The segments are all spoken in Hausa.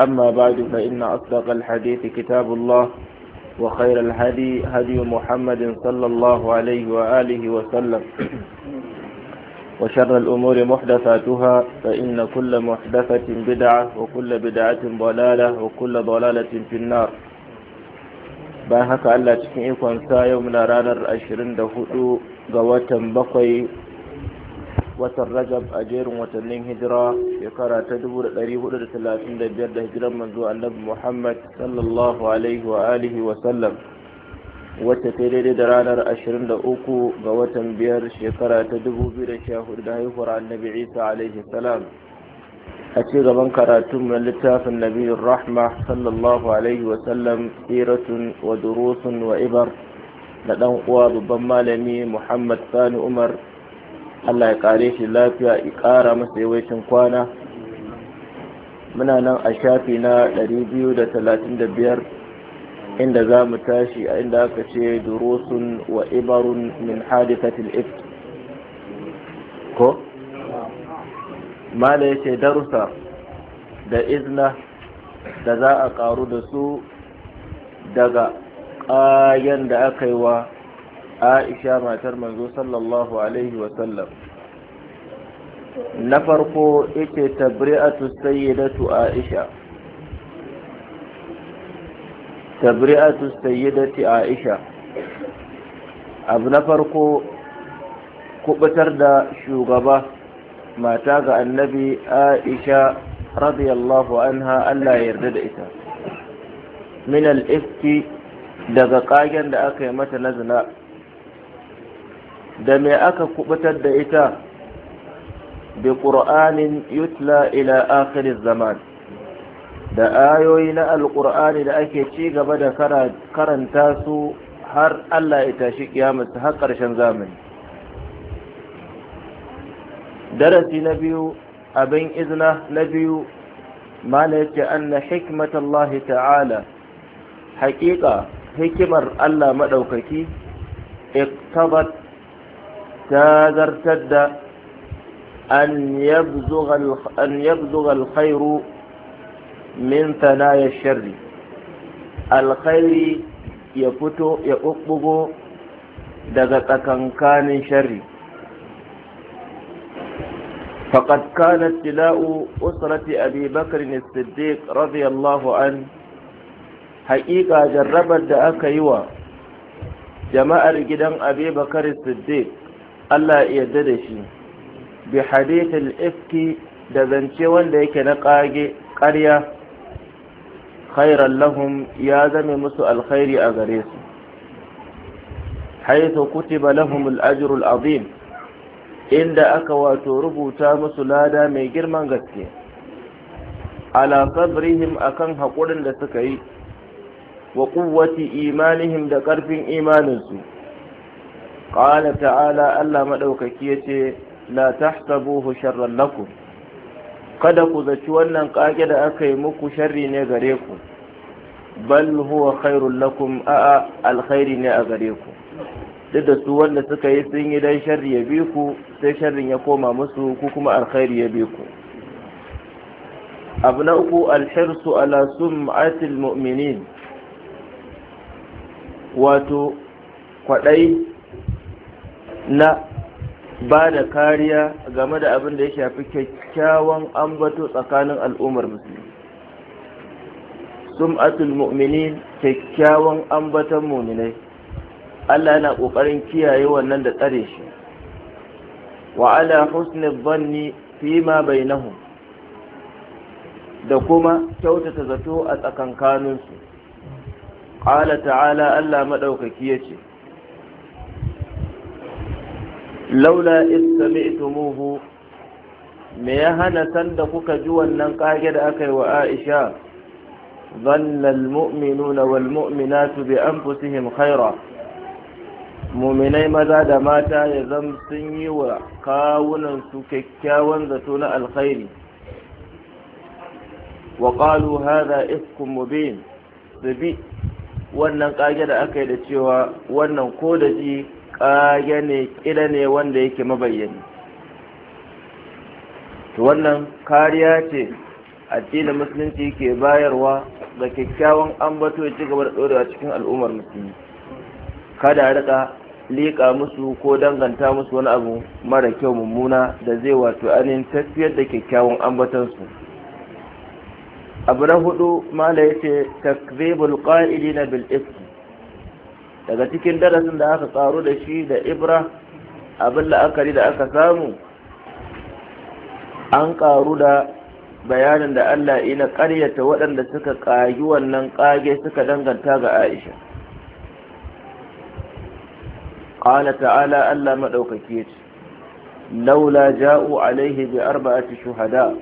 أما بعد فإن أصدق الحديث كتاب الله وخير الهدي هدي محمد صلى الله عليه وآله وسلم وشر الأمور محدثاتها فإن كل محدثة بدعة وكل بدعة ضلالة وكل ضلالة في النار bayan haka Allah cikin ikonsa yau muna ranar 24 ga watan bakwai watan rajab a jerin watannin hijira shekara ta 435 da hijiran manzo annabi muhammad sallallahu alaihi wa alihi wa sallam wacce ta daidai da ranar 23 ga watan biyar shekara ta 2014 da haihuwar annabi isa alaihi salam a ci gaban karatun na littafin nabiyar rahma sallallahu alaihi wa sallam siratun wa durusun wa ibar na dan uwa babban malami muhammad sani umar Allah ya kare shi lafiya ya kara masa yawaicin kwana muna nan a shafi na 235 inda za mu tashi a inda aka ce durusun wa ibarun min hadithatil ift ko mala yace darusa da izna da za a karu da su daga kayan da aka yi wa aisha matar manzo sallallahu alaihi wasallam na farko ita tabri'atu sayyidatu aisha tabri'atu sayyidati aisha abu na farko kubutar da shugaba mata ga annabi aisha radiyallahu anha Allah ya yarda da ita min al-ifki daga kagen da aka yi mata na zina da me aka kubutar da ita bi qur'anin yutla ila akhir zaman da ayoyi na alƙur'ani da ake ci gaba da karanta su har Allah ya tashi kiyamata har ƙarshen zamani darasi na biyu abin izina na biyu mana yake anna hikmatallahi ta'ala haƙiƙa hikimar Allah maɗaukaki iktabat ta zartar da an yabzuga alkhairu min ya sharri alkhairi ya fito ya ɓuɓɓugo daga tsakankanin sharri فقد كان ابتلاء أسرة أبي بكر الصديق رضي الله عنه حقيقة جربت دعاك يوى جماعة جدا أبي Allah ya yarda da shi bi hadithul ifki da zance wanda yake na kage ƙarya khairan lahum ya zame musu alkhairi a gare su haythu kutiba lahum al-ajr al-azim inda aka wato rubuta musu lada mai girman gaske ala sabrihim akan haƙurin da suka yi wa ƙuwwati imanihim da ƙarfin imaninsu qala ta'ala Allah ya yace la tahsabuhu sharran lakum kada ku zaci wannan kage da aka yi muku sharri ne gare ku bal huwa khairul lakum a'a alkhairi ne a gare ku duk da su wanda suka yi sun yi dan sharri ya bi ku sai sharrin ya koma musu ku kuma alkhairi ya bi ku abu na uku alhirsu ala sum'atil mu'minin wato kwadai na ba da kariya game da abin da ya shafi kyakkyawan ambato tsakanin al'ummar musulmi sum'atul mu'minin kyakkyawan ambatan muminai Allah yana ƙoƙarin kiyaye wannan da tsare shi wa ala husni zanni fi ma bainahum da kuma kyautata zato a tsakankaninsu ƙala ta'ala Allah maɗaukaki ya ce laula istami'tumuhu me ya hana sanda kuka ji wannan kage da aka yi wa Aisha zannal mu'minuna wal bi anfusihim khaira muminai maza da mata ya zam sun yi wa kawunan su kyakkyawan zato na alkhairi wa qalu hadha ifkum mubin bi wannan kage da aka yi da cewa wannan ko da ji kayane ne ne wanda yake mabayyani to wannan kariya ce a addinin musulunci ke bayarwa ga kyakkyawan ambato ya ci gaba da ɗorewa cikin al'ummar musulmi kada a riƙa liƙa musu ko danganta musu wani abu mara kyau mummuna da zai wato anin tafiyar da kyakkyawan ambatansu abu na hudu mala ya ce takzibul qa'ilina bil ism daga cikin darasin da aka tsaro da shi da ibra abin la'akari da aka samu an karu da bayanin da Allah ina karyata waɗanda suka ƙagi wannan kage suka danganta ga Aisha ƙala ta'ala Allah maɗaukaki ce laula ja'u alaihi bi arba'ati shuhada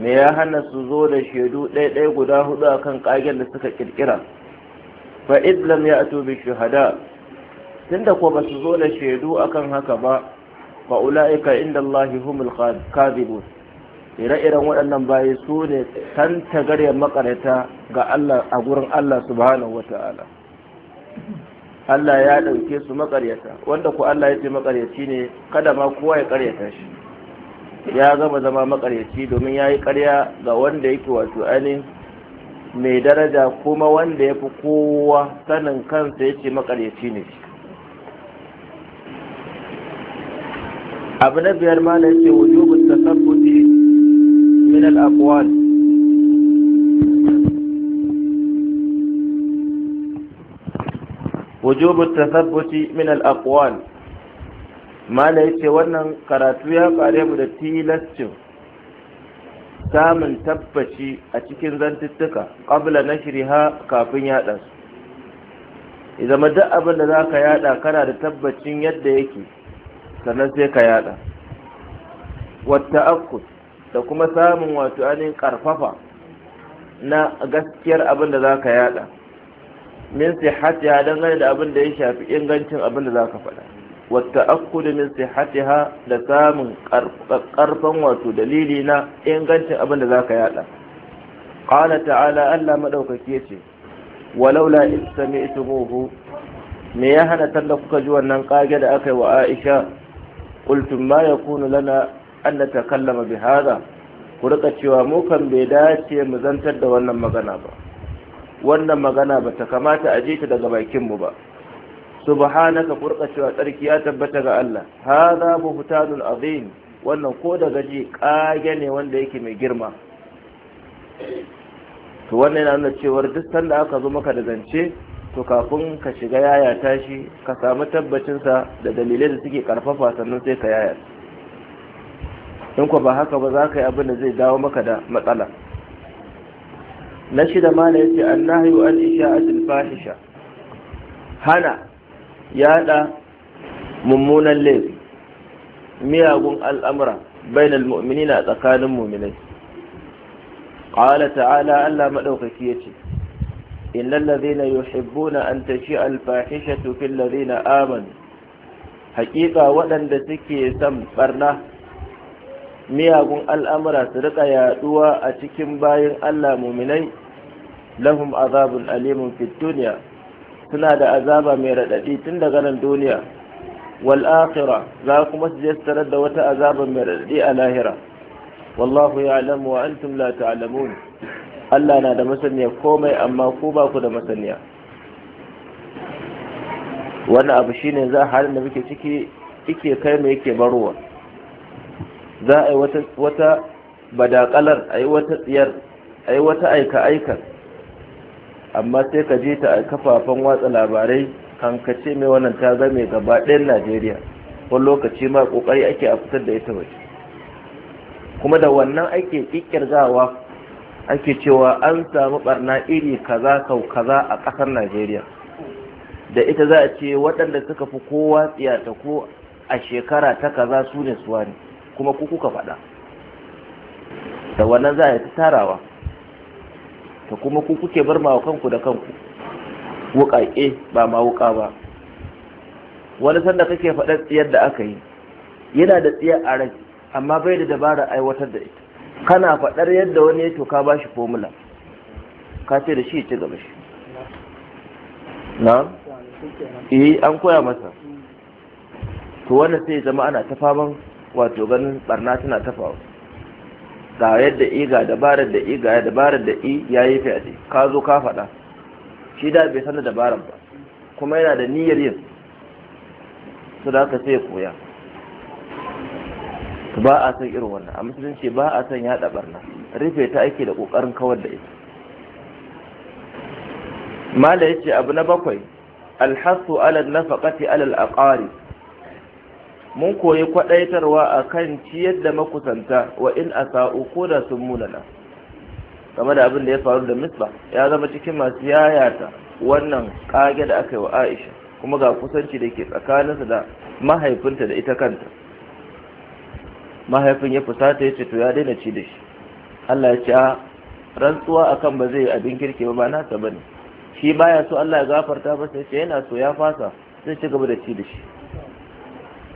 me ya hana su zo da shaidu ɗaya guda hudu akan ƙagen da suka ƙirƙira fa idlam ya ato bi shuhada tunda ko ba su zo da shaidu akan haka ba fa ula'ika inda Allah humul kadhibun ire-iren waɗannan bayi su ne tantagaryar makarata ga Allah a gurin Allah subhanahu wata'ala Allah ya ɗauke su makaryata wanda ku Allah ya ce makaryaci ne kada ma kowa ya karyata shi ya gama zama makaryaci domin ya karya ga wanda yake wato ainihin mai daraja kuma wanda ya fi kowa sanin kansa ya ce makaryaci ne abu na biyar ma na ce ta sabbuti min al wujubin wujubun tasabbuti min al ma na ce wannan karatu ya faru mu da tilascin samun tabbaci a cikin zantuttuka ƙabla na shiriha kafin yaɗa su zama duk abin da za ka yaɗa kana da tabbacin yadda yake sannan sai ka yaɗa wata akus, da kuma samun wato ainihin ƙarfafa na gaskiyar abin da za ka yaɗa min sihatiya dangane da abin da ya shafi ingancin abin da za ka faɗa wata akudu min sihatiha da samun karfan wato dalili na ingancin abin da za ka yada ƙala ta'ala allah maɗaukaki ce walaula in sami ita hohu me ya hana talla kuka ji wannan ƙage da aka yi wa aisha ƙultun ma ya kunu lana an ta kallama bi ku rika cewa mu bai dace mu zantar da wannan magana ba wannan magana ba kamata a je ta daga bakin mu ba subhanaka furka cewa tsarki ya tabbata ga Allah hadha buhtanul azim wannan ko da gaji kage ne wanda yake mai girma to wannan yana nuna cewar duk sanda aka zo maka da zance to kafin ka shiga yaya tashi ka samu tabbacinsa da dalilai da suke karfafa sannan sai ka yaya in ko ba haka ba za ka yi abin da zai dawo maka da matsala na shida ma na yace annahyu an isha'atul fahisha hana yada mummunan laifi miyagun al'amura bainal na tsakanin mu'minai ƙawala ta'ala Allah maɗaukaki ya madaukaki yace innal ladhina na an tashi al tufin fil Aman. amanu waɗanda suke son ɓarna miyagun al'amura su rika yaɗuwa a cikin bayan Allah mu'minai lahum azabun alimun fid suna da azaba mai raɗaɗi tun daga nan duniya wal akhira za kuma su je da wata azaba mai raɗaɗi a lahira wallahu ya'lamu wa antum la ta'lamun Allah na da masaniya komai amma ku ba ku da masaniya wannan abu shine za halin da muke ciki yake kai mai yake barowa za a yi wata badakalar a yi wata tsiyar a yi wata aika-aikar amma sai ka je ta kafafen watsa labarai kan ka ce mai wannan ta zame gaba ɗayan najeriya wani lokaci ma ƙoƙari ake a fitar da ita waje kuma da wannan ake kikkirgawa ake cewa an samu barna iri kaza kau kaza a ƙasar najeriya da ita za a ce waɗanda suka fi kowa tsiyata ko a shekara ta kaza su ne suwa ne kuma kuka faɗa da wannan za a yi ta tarawa ta kuma ku kuke bar ma kanku da kanku wuƙaƙe ba ma wuƙa ba wani sanda kake faɗar tsiyar da aka yi yana da tsiyar a rai amma bai da dabara aiwatar da ita kana faɗar yadda wani ya toka ba shi fomula ka ce da shi ci gaba shi na? eh an koya masa to wannan sai zama ana ta wato ganin barna tana tafawa da yadda i ga dabarar da i ga dabarar da i ya yi fyaɗe ka zo ka faɗa shi da bai sanar dabarar ba kuma yana da niyyar yin su da aka sai koya ba a san irin wannan a musulunci ba a san yaɗa barna rufe ta ake da ƙoƙarin kawar da ita mala ya ce abu na bakwai alhassu alal nafaqati alal aqari mun koyi kwadaitarwa kan ciyar da makusanta wa in asa'u ko da sun munana game da abin da ya faru da misba ya zama cikin masu yayata wannan kage da aka yi wa aisha kuma ga kusanci da ke tsakaninsa da mahaifinta da ita kanta mahaifin ya fusata ya ce to ya daina ci da shi allah ya ce a rantsuwa akan ba zai abin kirki ba na ba ne shi baya so allah ya gafarta ba sai ce yana so ya fasa sai ci gaba da ci da shi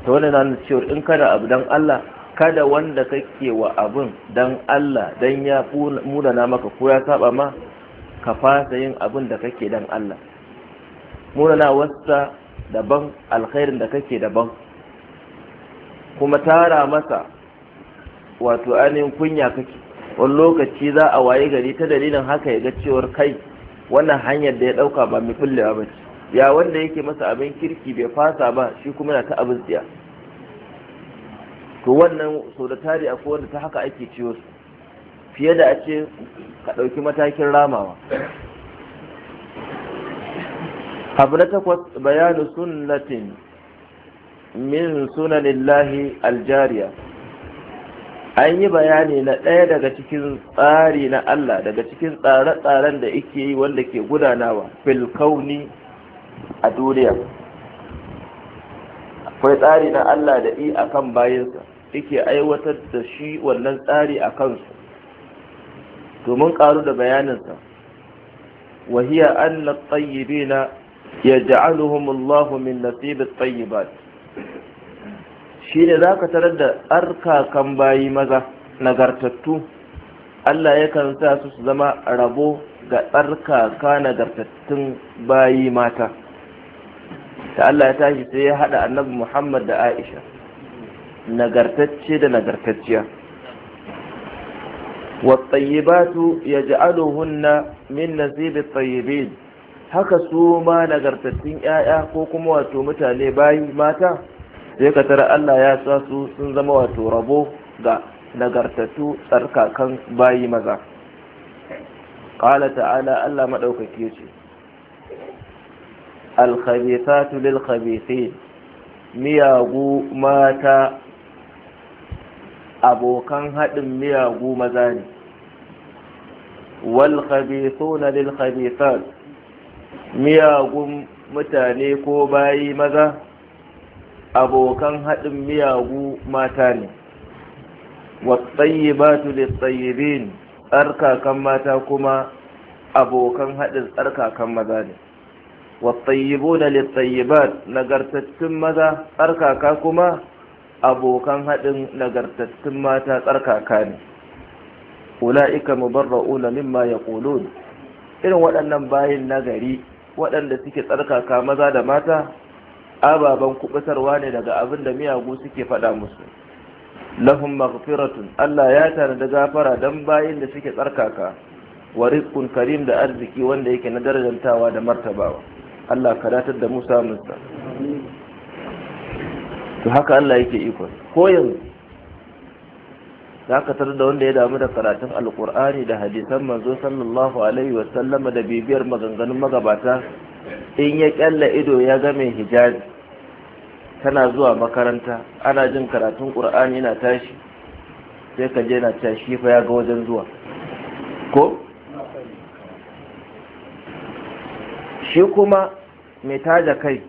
to wannan na cewa in kada abu dan Allah kada wanda kake wa abun dan Allah dan ya na maka ko ya saba ma ka fasa yin abun da kake dan Allah na wasa daban alkhairin da kake daban kuma tara masa wato ainihin kunya kake wani lokaci za a waye gari ta dalilin haka ya ga cewar kai wannan hanyar da ya dauka ba mai kullewa ba ce ya wanda yake masa abin kirki bai fasa ba shi kuma yana ta abin tsiya to wannan sau da tari a wanda ta haka ake ciwo fiye da a ce ka ɗauki matakin ramawa abu na takwas bayanu sunnatin min sunanin lahi aljariya an yi bayani na ɗaya daga cikin tsari na Allah daga cikin tsare-tsaren da ike yi wanda ke gudanawa filkauni a duniya akwai tsari na Allah da i a kan bayansa yake aiwatar da shi wannan tsari a kansu domin karu da bayaninsa wahiya an na tsayyibi na ya ja'aluhumullahu min nasibin ba. shi ne za ka tarar da tsarkakan bayi maza nagartattu Allah yakan sa su zama rabo ga tsarkaka nagartattun bayi mata da Allah ya tashi sai ya hada annabi Muhammad da Aisha nagartacce da nagartacciya wattayyibatu yaj'aluhunna min nasib tayyibin haka su ma nagartattun 'ya'ya ko kuma wato mutane bayi mata sai ka tara Allah ya sa su sun zama wato rabo ga nagartattu tsarkakan bayi maza qala ta'ala Allah madaukake ce alkhabisatu lil khabisin miyagu mata abokan haɗin miyagu maza ne wal khabisuna lil khabisat miyagun mutane ko bayi maza abokan haɗin miyagu mata ne wasayyibatu lissayyibin tsarkakan mata kuma abokan haɗin tsarkakan maza ne wattayyibuna littayyibat nagartattun maza tsarkaka kuma abokan haɗin nagartattun mata tsarkaka ne ula'ika mubarra'una mimma yaqulun irin waɗannan bayin nagari waɗanda suke tsarkaka maza da mata ababan kubutarwa ne daga abin da miyagu suke faɗa musu lahum maghfiratun Allah ya tanada gafara dan bayin da suke tsarkaka wariƙun rizqun karim da arziki wanda yake na darajantawa da martabawa Allah ka datar da mu musa to haka Allah yake iko ko yanzu zaka tarar da wanda ya damu da karatun alkur'ani da hadisan manzo sallallahu alaihi wa sallama da bibiyar maganganun magabata in ya kalla ido ya ga mai hijabi tana zuwa makaranta ana jin karatun qur'ani yana tashi sai ka je na tashi fa ya ga wajen zuwa ko shi kuma mai taja kai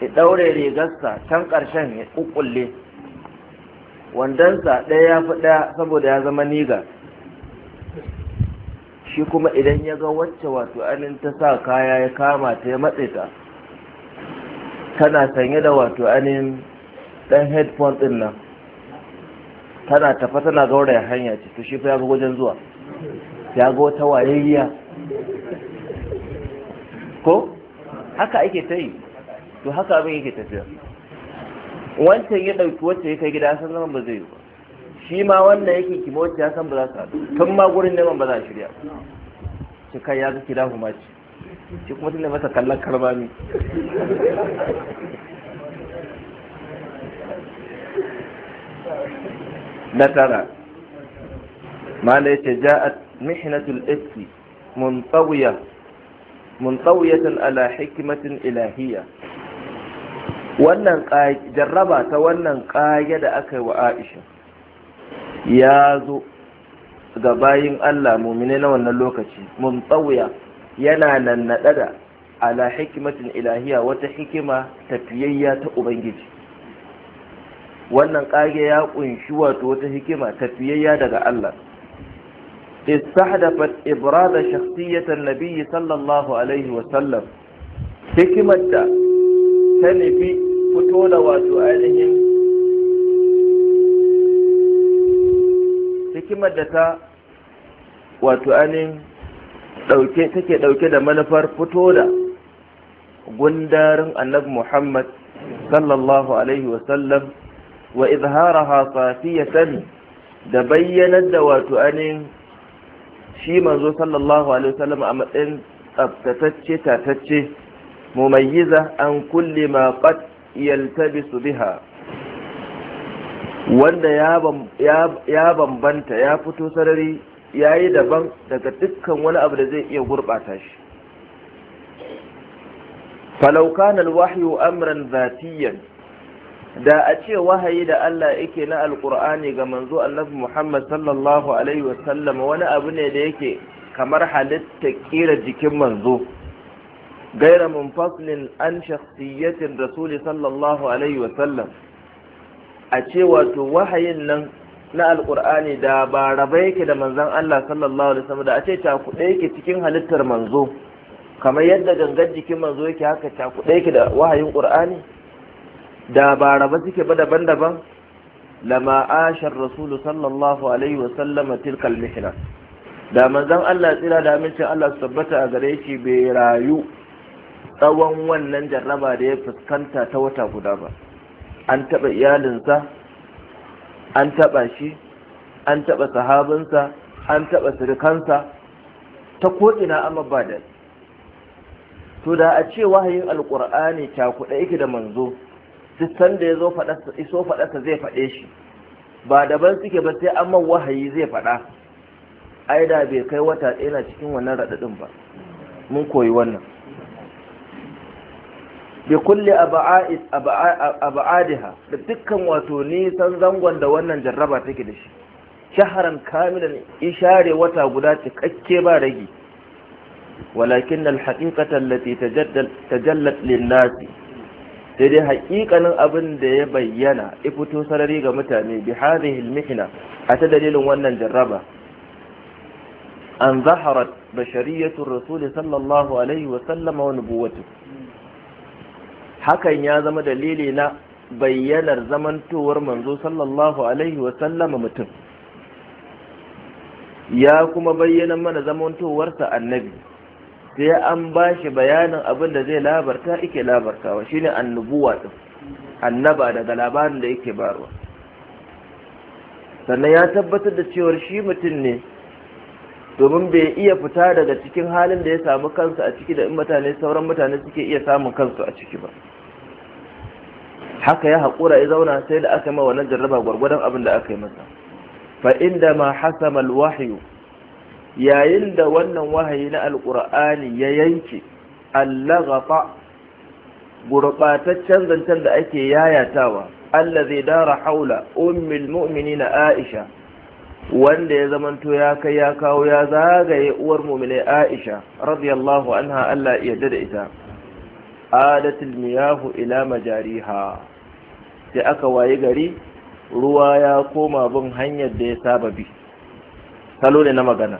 ya ɗaure rigarsa can ƙarshen ya ƙuƙulle wandonsa ɗaya ya fi ɗaya saboda ya zama niga shi kuma idan ya ga wacce wato ainihin ta sa kaya ya kama ta ya matse ta tana sanye da wato ainihin ɗan headphone ɗin nan tana tafa tana gauraya hanya ce to shi fa ya ga wajen zuwa ya ga wata wayayya ko haka ake ta yi to haka abin yake tafiya wancan ya ɗauki wacce ya kai gida san zaman ba zai yi ba shi ma wannan yake kima wacce ya san ba za su haɗu tun ma gurin neman ba za a shirya shi kai ya ga kida kuma ce shi kuma tunda masa kallon ne na tara mala yace ja'at mihnatul ifki muntawiya muntsawiyatan ala hikimatin ilahiyya wannan jarraba ta wannan kage da aka yi wa aisha ya zo ga bayin allah mumine na wannan lokaci muntsawiya yana nan naɗa da ala hikimatin ilahiya wata hikima tafiyayya ta ubangiji wannan kage ya kunshi wato wata hikima tafiyayya daga allah استحدثت إبراد شخصية النبي صلى الله عليه وسلم حكمة تنفي فتولة وسؤالهم hikimar da ta take ɗauke da manufar fito da gundarin annabi muhammad sallallahu alaihi wasallam wa izharaha safiyatan da bayyanar da wato anin shi manzo sallallahu alaihi wasallam a matsayin tsaftatacce tatacce mumayyiza an kulli ma qad yaltabisu biha wanda ya bambanta ya fito sarari ya yi daban daga dukkan wani abu da zai iya gurɓata shi falaukan wahyu amran zatiyan da a ce wahayi da Allah yake na alkur'ani ga manzo annabi Muhammad sallallahu alaihi wasallam wani abu ne da yake kamar halitta kira jikin manzo gaira munfaslin an shakhsiyatin rasuli sallallahu alaihi wasallam a ce wato wahayin nan na alkur'ani da ba raba yake da manzon Allah sallallahu alaihi wasallam da a ce ta takuɗe yake cikin halittar manzo kamar yadda gangar jikin manzo yake haka ta takuɗe yake da wahayin qur'ani da ba raba suke ba daban-daban lama ashar rasulu sallallahu alaihi wasallam tilkal mihna da manzon Allah tsira da amincin Allah su tabbata a gare shi bai rayu tsawon wannan jarraba da ya fuskanta ta wata guda ba an taɓa iyalinsa an taɓa shi an taɓa sahabinsa an taɓa sirikansa ta ko'ina amma ba da to da a ce wahayin alƙur'ani cakuɗa yake da manzo duk da ya zo iso faɗarsa zai faɗe shi ba daban suke ba sai an man wahayi zai faɗa ai da bai kai wata ɗaya cikin wannan raɗaɗin ba mun koyi wannan bi kulli aba'adiha da dukkan wato nisan zangon da wannan jarraba take da shi shaharan kamilan ishare wata guda cikakke ba rage walakin alhaqiqatan allati tajallat lin-nasi sai dai haƙiƙanin abin da ya bayyana ya fito sarari ga mutane bi hadhihi al a ta dalilin wannan jarraba an zaharat bashariyatu rasul sallallahu alaihi wa sallama wa nubuwatu hakan ya zama dalili na bayyanar zamantowar manzo sallallahu alaihi wa sallama mutum ya kuma bayyana mana zamantowarsa annabi sai an ba shi bayanin abin da zai labarta ike labartawa shine annubuwa din annaba daga labarin da yake barwa sannan ya tabbatar da cewar shi mutum ne domin bai iya fita daga cikin halin da ya samu kansu a ciki da in mutane sauran mutane suke iya samun kansu a ciki ba haka ya haƙura ya zauna sai da aka yi ma wannan jarraba gwargwadon abin da aka yi masa fa inda ma hasama alwahyu yayin da wannan wahayi na alƙur'ani ya yanke allagafa gurɓataccen zancen da ake yayatawa zai dara haula ummul mu'minina aisha wanda ya zamanto ya kai ya kawo ya zagaye uwar muminai aisha radiyallahu anha Allah ya yarda da ita adatul miyahu ila majariha sai aka waye gari ruwa ya koma bin hanyar da ya saba bi salo ne na magana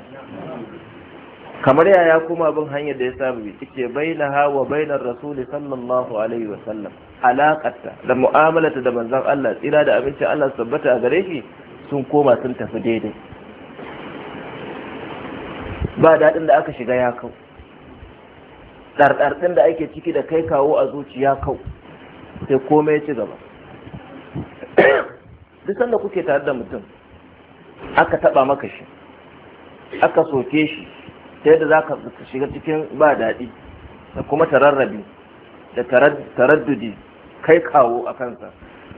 kamar yaya kuma bin hanyar da ya saba bi ce baina ha wa bainar rasuli sallallahu alaihi wa sallam alaqata da mu'amalata da manzan Allah tsira da abincin Allah tabbata a gare shi sun koma sun tafi daidai ba daɗin da aka shiga ya kau ɗarɗarɗin da ake ciki da kai kawo a zuciya kau sai komai ya ci gaba duk sanda kuke tare da mutum aka taɓa maka shi aka soke shi ta yadda za ka shiga cikin ba daɗi da kuma tararrabi da taraddudi kai kawo a kansa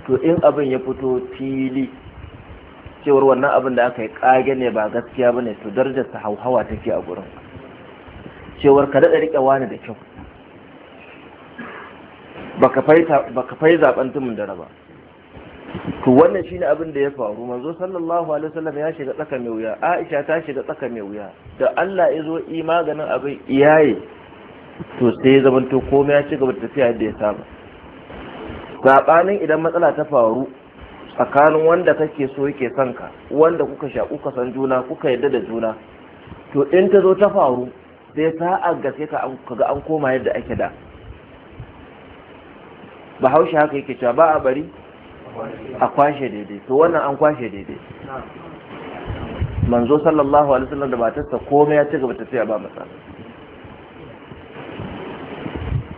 to in abin ya fito fili cewar wannan abin da aka yi kage ne ba gaskiya ba ne to ta hauhawa take a gurin cewar ka daɗa riƙe wani da kyau baka fai zaɓen tumin dare ba to wannan shine abin da ya faru manzo sallallahu alaihi wasallam ya shiga tsaka mai wuya Aisha ta shiga tsaka mai wuya da Allah ya zo yi maganin abin iyaye to sai ya to komai ya ci gaba da tafiya da ya saba sabanin idan matsala ta faru tsakanin wanda kake so yake son ka wanda kuka sha kuka san juna kuka yadda da juna to in ta zo ta faru sai sa'a gaske ka kaga an koma yadda ake da bahaushe haka yake cewa ba a bari a kwashe daidai to wannan an kwashe daidai manzo sallallahu alaihi wasallam da matarsa komai ya ci gaba ta tafiya ba masa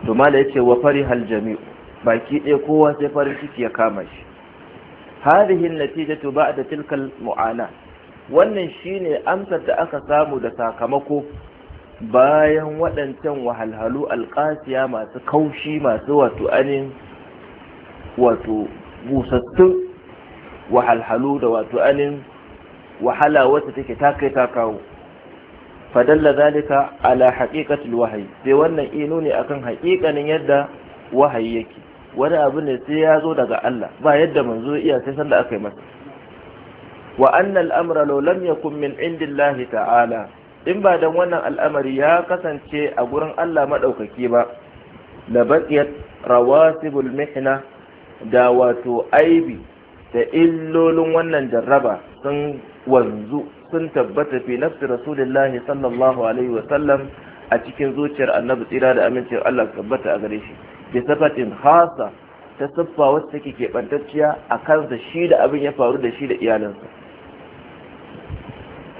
to mala yace wa hal jami'u baki ɗaya kowa sai farin ciki ya kama shi hadhihi natijatu ba'da tilka al-mu'ana wannan shine amsar da aka samu da sakamako bayan waɗancan wahalhalu alƙasiya masu kaushi masu wato anin wato busassun wahalhalu da wato anin wahala wacce take ta kai ta kawo fadalla zalika ala haqiqatil wahayi sai wannan ino ne akan haƙiƙanin yadda wahayi yake wani abu ne sai ya zo daga Allah ba yadda manzo iya sai sanda aka yi masa wa anna al'amra law lam yakun min indillahi ta'ala in ba dan wannan al'amari ya kasance a gurin Allah madaukaki ba la rawasibul mihna da wato aibi da illolin wannan jarraba sun wanzu sun tabbata fi nafsi rasulullahi sallallahu alaihi wa a cikin zuciyar annabi tsira da amincin Allah tabbata a gare shi bi safatin khasa ta siffa wacce take kebantacciya a kansa shi da abin ya faru da shi da iyalansa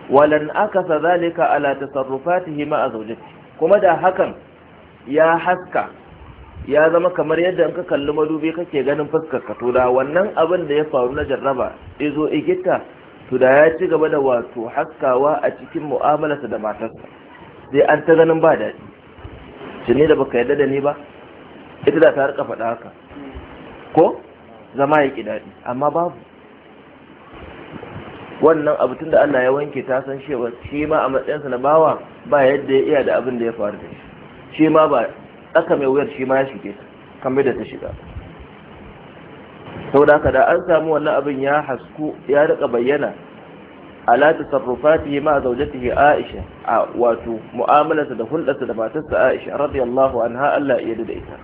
walan akasa zalika ala tasarrufatihi ma a kuma da hakan ya haska ya zama kamar yadda in ka kalli madubi kake ganin fuskar ka to da wannan abin da ya faru na jarraba izo igita to da ya ci gaba da wato haskawa a cikin mu'amalarsa da matarsa sai an ta ganin ba daɗi tuni da baka yarda da ni ba ita da ta harka faɗa haka ko zama ya ki daɗi amma babu wannan abu tunda da Allah ya wanke ta san shi ma a matsayinsa na bawa ba yadda ya iya da abin da ya faru da shi shi ma ba tsaka mai wuyar shi ma ya shige kamar da ta shiga sau da haka da an samu wannan abin ya hasku ya rika bayyana ala tasarrufatihi ma ke Aisha a wato mu'amalarsa da hulɗarsa da matarsa Aisha radiyallahu ha Allah iya yarda ita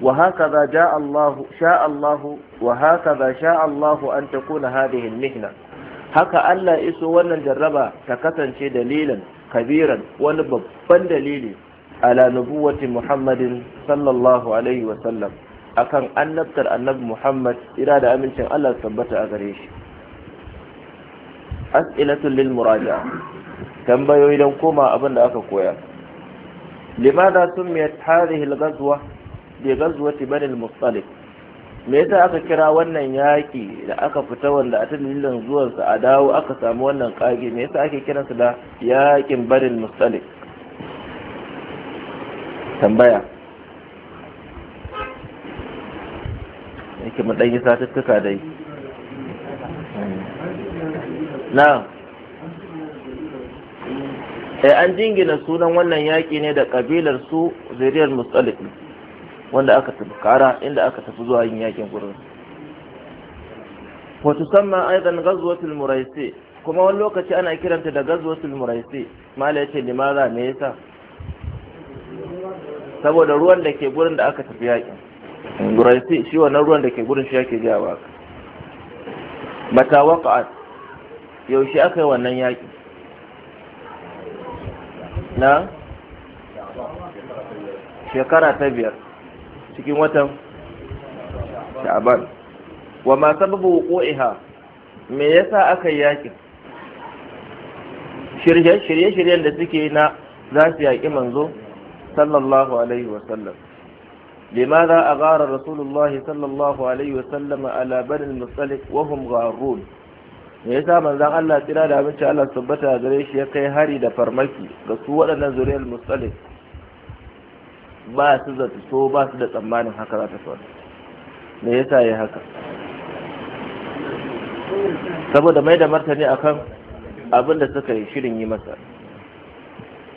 wa hakaza jaa Allah sha Allah wa hakaza sha Allah an takuna kuna al-mihna haka Allah iso wannan jarraba ta kasance dalilan kabiran wani babban dalili ala nubuwati muhammadin sallallahu alaihi wasallam akan annabtar annabi muhammad ira da amincin allah tabbata a gare shi as'ilatul lil muraja tambayoyi don koma abin da aka koya limadha sun miya tarihi ghazwa bi ghazwati bani mustalik me yasa aka kira wannan yaƙi da aka fita wanda a dalilin zuwansa a dawo aka samu wannan ƙage me yasa ake kiransa da yaƙin barin mustalik tambaya yake mu ta tuka dai na eh an jingina sunan wannan yaƙi ne da ƙabilar su zuriyar mustalik wanda aka tafi kara inda aka tafi zuwa yin yaƙin gurin wata samma aizan gazuwatul muraisi kuma wani lokaci ana kiranta da gazuwatul muraisi mala ya ce limaza me yasa saboda ruwan da ke gurin da aka tafi yakin guraisi shi wannan ruwan da ke gurin shi yake jawa ka mata waqa'at yaushe aka yi wannan yaki na shekara ta biyar cikin watan sha'ban wa ma sababu wuqu'iha me yasa aka yi yakin shirye-shiryen da suke na za su yaƙi manzo صلى الله عليه وسلم لماذا أغار رسول الله صلى الله عليه وسلم على بني المصطلق وهم غارون يسا yasa ذا Allah تلا da abinci Allah الله gare shi ya kai hari da farmaki ga su waɗannan zuriyar musallim ba su da tsammanin haka yasa ya haka saboda mai da martani akan abinda suka yi shirin yi masa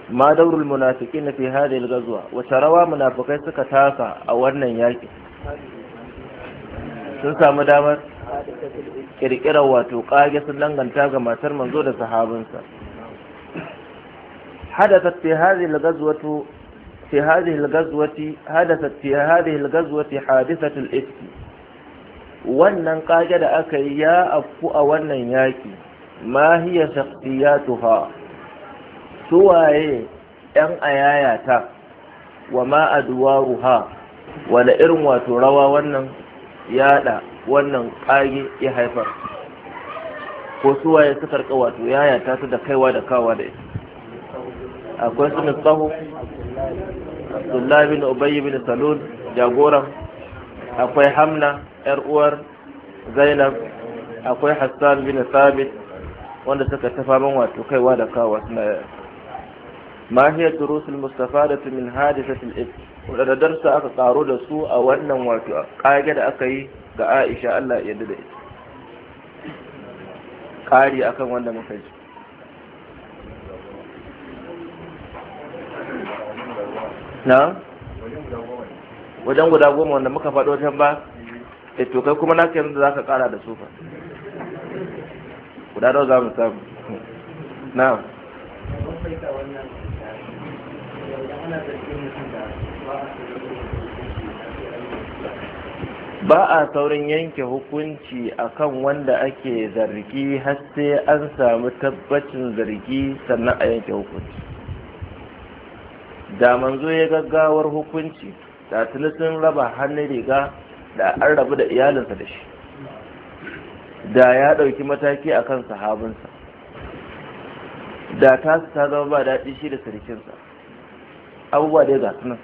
ما دور المنافقين fi هذه al وتروا wace rawa munafikai suka taka a wannan yaki sun samu damar kirkirar wato kage sun danganta ga matar manzo da sahabinsa حدثت في هذه الغزوة في هذه الغزوة حدثت في هذه الغزوة حادثة الإفك wannan kage da aka yi ya afku a wannan yaki ma hiya shakhsiyatuha suwaye yan ayayata wa ma adwaruha wala irin wato rawa wannan yada wannan kage ya haifar ko suwaye suka rika wato yayata ta da kaiwa da kawa da ita akwai su mistahu abdullahi bin ubayy bin salon jagoran akwai hamna yar uwar zainab akwai hassan bin thabit wanda suka tafa min wato kaiwa da kawa suna ma hiya durusul da min hadisatil ifk wadanda darsa aka karo da su a wannan wato kage da aka yi ga Aisha Allah ya da ita kari akan wanda muka ji wajen guda goma wanda muka faɗo can ba e to kai kuma naka yanzu za ka ƙara da sufa guda ba a saurin yanke hukunci akan wanda ake zargi har sai an samu tabbacin zargi sannan a yanke hukunci da manzo ya gaggawar hukunci da tuni sun raba hannu riga da an rabu da iyalinsa da shi da ya ɗauki mataki akan sahabinsa da su ta zama ba daɗi shi da sarkinsa abubuwa da ga nan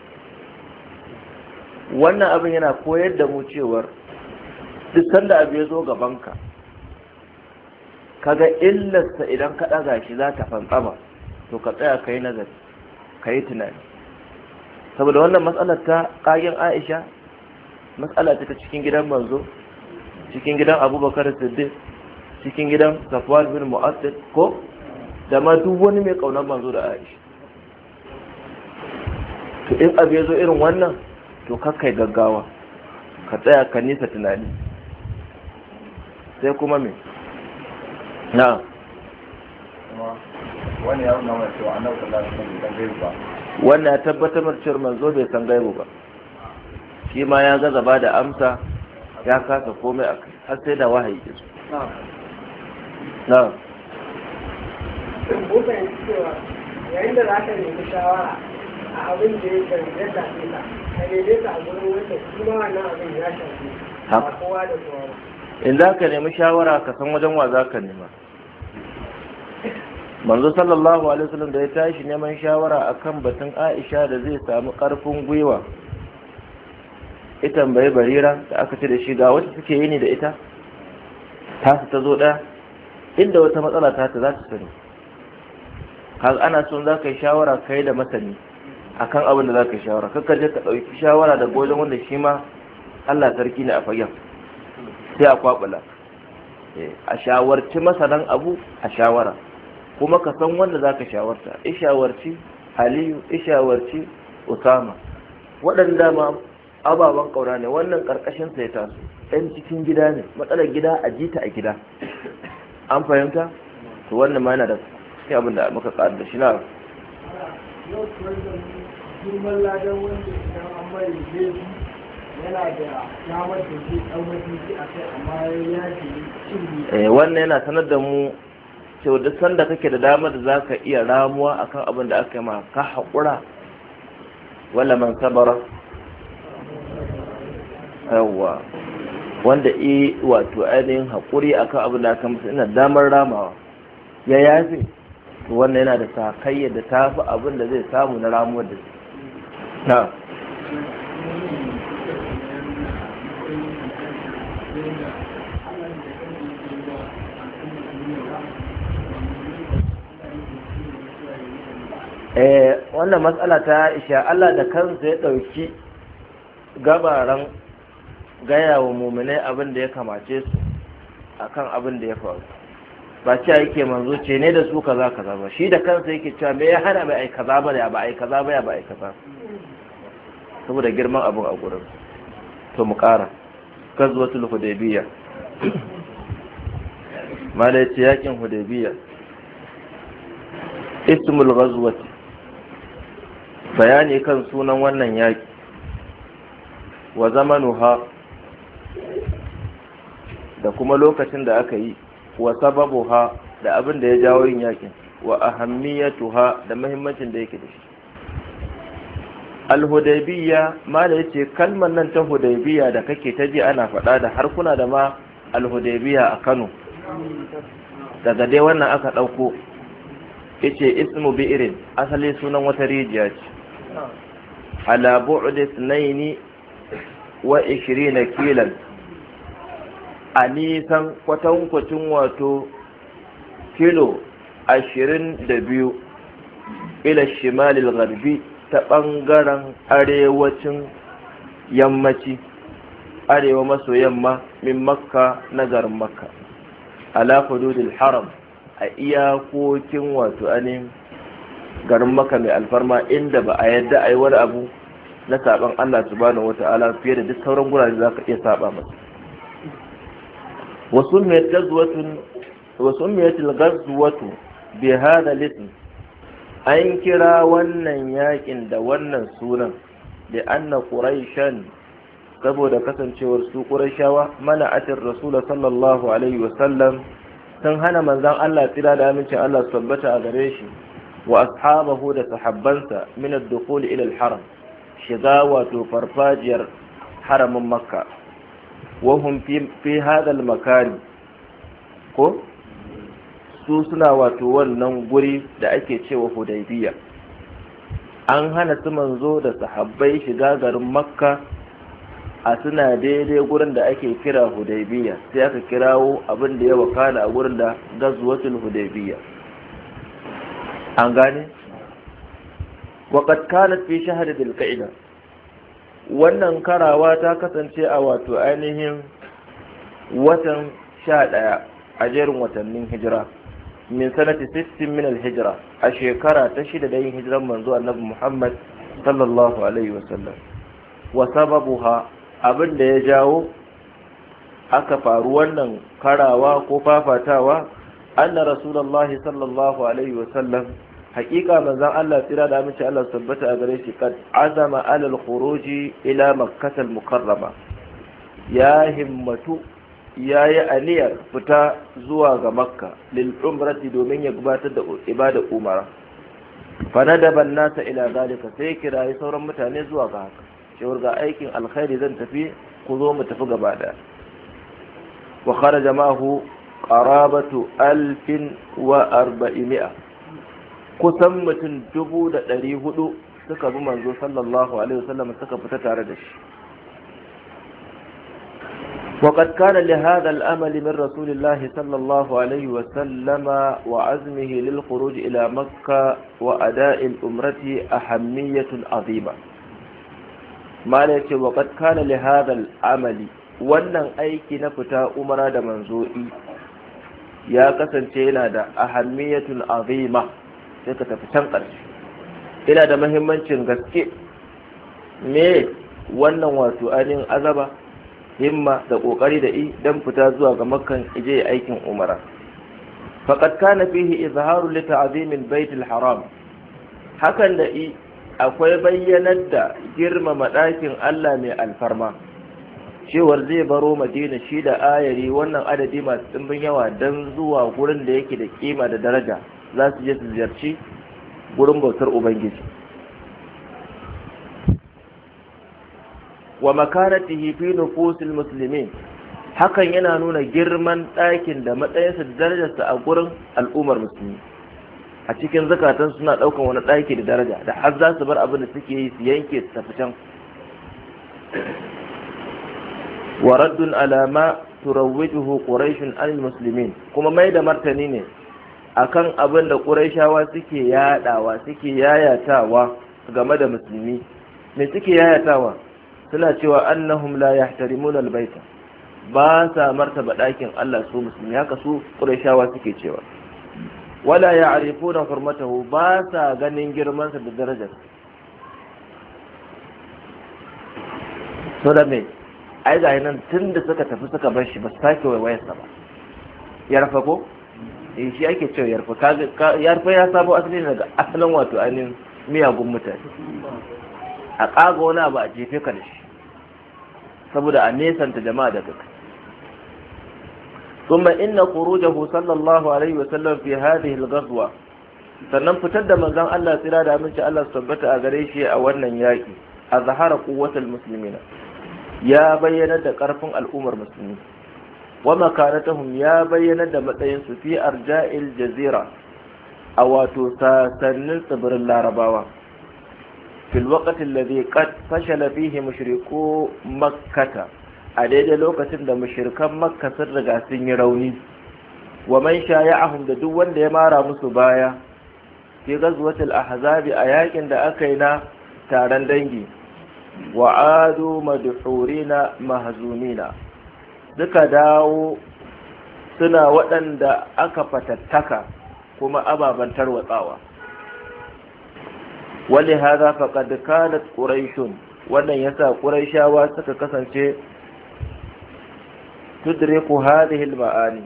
wannan abin yana koyar da mu cewar duk sanda abu ya zo gabanka kaga illarsa idan ka ɗaga shi za ta fantsama to ka tsaya ka yi nazari ka yi tunani saboda wannan matsalar ta ƙagen aisha matsala ta cikin gidan manzo cikin gidan abubakar siddiq cikin gidan Safuwar bin mu'assir ko da ma duk wani mai ƙaunar manzo da aisha to in abu ya zo irin wannan to kakai gaggawa ka tsaya ka nisa tunani sai kuma me na wani ya bai ba wannan ya tabbatar marciyar manzo bai san gaibu ba shi ma ya gaza ba da amsa ya kasa komai a kai har sai da wahayi ke su na yayin da za ka nemi shawara a abin da ya shafi ya shafi ka a daidaita a gurin wanda shi wannan abin ya shafi ba kowa da kowa in za ka nemi shawara ka san wajen wa za ka nema manzo sallallahu alaihi wasallam da ya tashi neman shawara akan batun Aisha da zai samu karfin gwiwa ita bai barira da aka ce da shi ga wata suke yini da ita ta ta zo daya inda wata matsala ta ta za ta sani kaga ana son za ka yi shawara kai da masani akan abin da zaka shawara kakka je ka dauki shawara da wajen wanda shi ma Allah sarki ne a fagen sai a kwabula eh, a shawarci masanan abu a shawara kuma ka san wanda zaka shawarta i shawarci Aliyu i shawarci Usama waɗanda ma ababen kaura ne wannan ƙarƙashin sai su ɗan cikin gida ne matsalar gida a jita a gida an fahimta to wannan ma yana da sai abin da muka ƙaru shi na girman ladan wanda idan an mai laifi yana da damar da ke ɗaukaki shi a kai amma ya ke cin eh, wannan yana sanar da mu cewa duk sanda kake da damar da za ka iya ramuwa akan abin da aka yi ma ka haƙura wala man sabara yawwa wanda i wato ainihin haƙuri a kan abin da aka musu ina damar ramawa ya yafe to wannan yana da sakayya da tafi abin da zai samu na ramuwar da su na eh, wannan matsala ta isha Allah da kansa ya ɗauki gabaran gaya wa muminai abin da ya kamace su akan abin da ya faru ba cewa yake manzo ce ne da su kaza kaza ba shi da kansa yake cewa me ya hana mai kaza ba ya ba aika kaza ba ya ba aika kaza saboda girman abin a gurin to mu ƙara gazuwatul hudaybiya malai ce yakin hudaybiya ismul gazuwati bayani kan sunan wannan yaki wa zamanuha da kuma lokacin da aka yi wa sababuha da abin da ya jawo yin yakin wa ahammiyatuha da muhimmancin da yake da shi al-hudaybiya mala yace kalmar nan ta hudabiya da kake ta ji ana faɗa da harkuna da ma al a Kano daga dai wannan aka ɗauko yace ismu irin asali sunan wata rijiya ce ala bu'di sunaini wa 20 kilan a nisan kwatankwacin wato kilo ashirin da ila shimalil garbi ta ɓangaren arewacin yammaci arewa maso yamma min makka na garin makka ala hududul haram a iyakokin wato anin garin makka mai alfarma inda ba a yadda a yi wani abu na saban allah subhanahu wa ta'ala fiye da duk sauran gurare za ka iya saba masa wasu mai gazuwatu bi hada litin an kira wannan yakin da wannan sunan da anna quraishan saboda kasancewar su qurayshawa mana atir rasul sallallahu alaihi wasallam sun hana manzon Allah tsira da amincin Allah su tabbata a gare shi wa ashabahu da sahabbansa min ad-dukhul ila al-haram shiga wato farfajiyar haramin makka wa hum fi hadha al-makan ko su suna wato wannan guri da ake cewa hudaibiya. an hana su manzo da sahabbai shiga garin makka a suna daidai gurin da ake kira hudaybiya sai aka kirawo abin da ya wakana a gurin da gazwatul hudaybiya an gane waqad kanat fi shahr dhil wannan karawa ta kasance a wato ainihin watan sha ɗaya a jerin watannin hijira min sanati 60 min al a shekara ta shida da yin hijiran manzo annabi Muhammad sallallahu alaihi wasallam wa abin da ya jawo aka faru wannan karawa ko fafatawa anna rasulullahi sallallahu alaihi wasallam haƙiƙa manzon Allah tsira da amince Allah tabbata a gare shi kad azama alal khuruji ila makkah mukarrama ya himmatu ya yi aniyar fita zuwa ga makka lil umrati domin ya gabatar da ibadar umara daban nasa ila zalika sai kirayi sauran mutane zuwa ga haka cewar ga aikin alkhairi zan tafi ku zo mu tafi gaba da wa kharaja ma'ahu qarabatu alfin wa arba'imi'a kusan mutum dubu da ɗari hudu suka bi manzo sallallahu alaihi wasallam suka fita tare da shi وقد كان لهذا الأمل من رسول الله صلى الله عليه وسلم وعزمه للخروج إلى مكة وأداء الأمرة أهمية عظيمة ما وقد كان لهذا الأمل wannan aiki na fita umra da manzo'i ya kasance yana da ahammiyatun azima sai ka tafi can ƙarshe da mahimmancin gaske me wannan wato ainihin azaba himma da kokari da i dan fita zuwa ga makkan ije aikin umara faqad kana fihi izharu li ta'zim al haram hakan da i akwai bayyanar da girmama ɗakin Allah mai alfarma cewar zai baro madina shi da ayari wannan adadi masu tsimbin yawa dan zuwa gurin da yake da kima da daraja za su je su ziyarci gurin bautar ubangiji wa makanatihi fi nufusil muslimin hakan yana nuna girman ɗakin da matsayinsa da darajarsa a gurin al'ummar musulmi a cikin zakatan suna ɗaukan wani ɗaki da daraja da har za su bar abin da suke yi su yanke su tafi can wa raddun alama turawwijuhu quraishun anil muslimin kuma mai da martani ne akan abin da quraishawa suke yadawa suke yayatawa game da musulmi me suke yayatawa suna cewa annahum la yahtarimuna albayta ba sa martaba dakin Allah su musulmi haka su Qurayshawa suke cewa wala ya'rifuna hurmatahu ba sa ganin girman sa da darajar so da me ai ga nan tunda suka tafi suka bar shi ba su sake wayar sa ba ya rafa ko eh shi ake cewa yarfa ya rafa ya sabo asali daga asalin wato ainihin miyagun mutane a kaga wani abu a jefe ka da shi saboda a nesanta jama'a daga kai inna إن خروجه صلى الله عليه وسلم في هذه الغزوة sannan fitar da manzon Allah tsira da aminci Allah su tabbata a gare shi a wannan yaki a zahara quwwatul muslimina ya bayyana da karfin al'ummar musulmi wa makanatahum ya bayyana da matsayin su fi arja'il jazira a wato sasannin tsibirin larabawa في الوقت الذي قد فشل فيه a daidai lokacin da mushirkan makka sun riga sun yi rauni wa man shaya'ahum da duk wanda ya mara musu baya fi ghazwatil ahzabi a yaƙin da aka yi na taron dangi wa adu madhurina mahzunina duka dawo suna waɗanda aka fatattaka kuma ababen tarwatsawa wali haza faqad kanat quraishun wannan yasa quraishawa suka kasance tudriku hadhihi al-ma'ani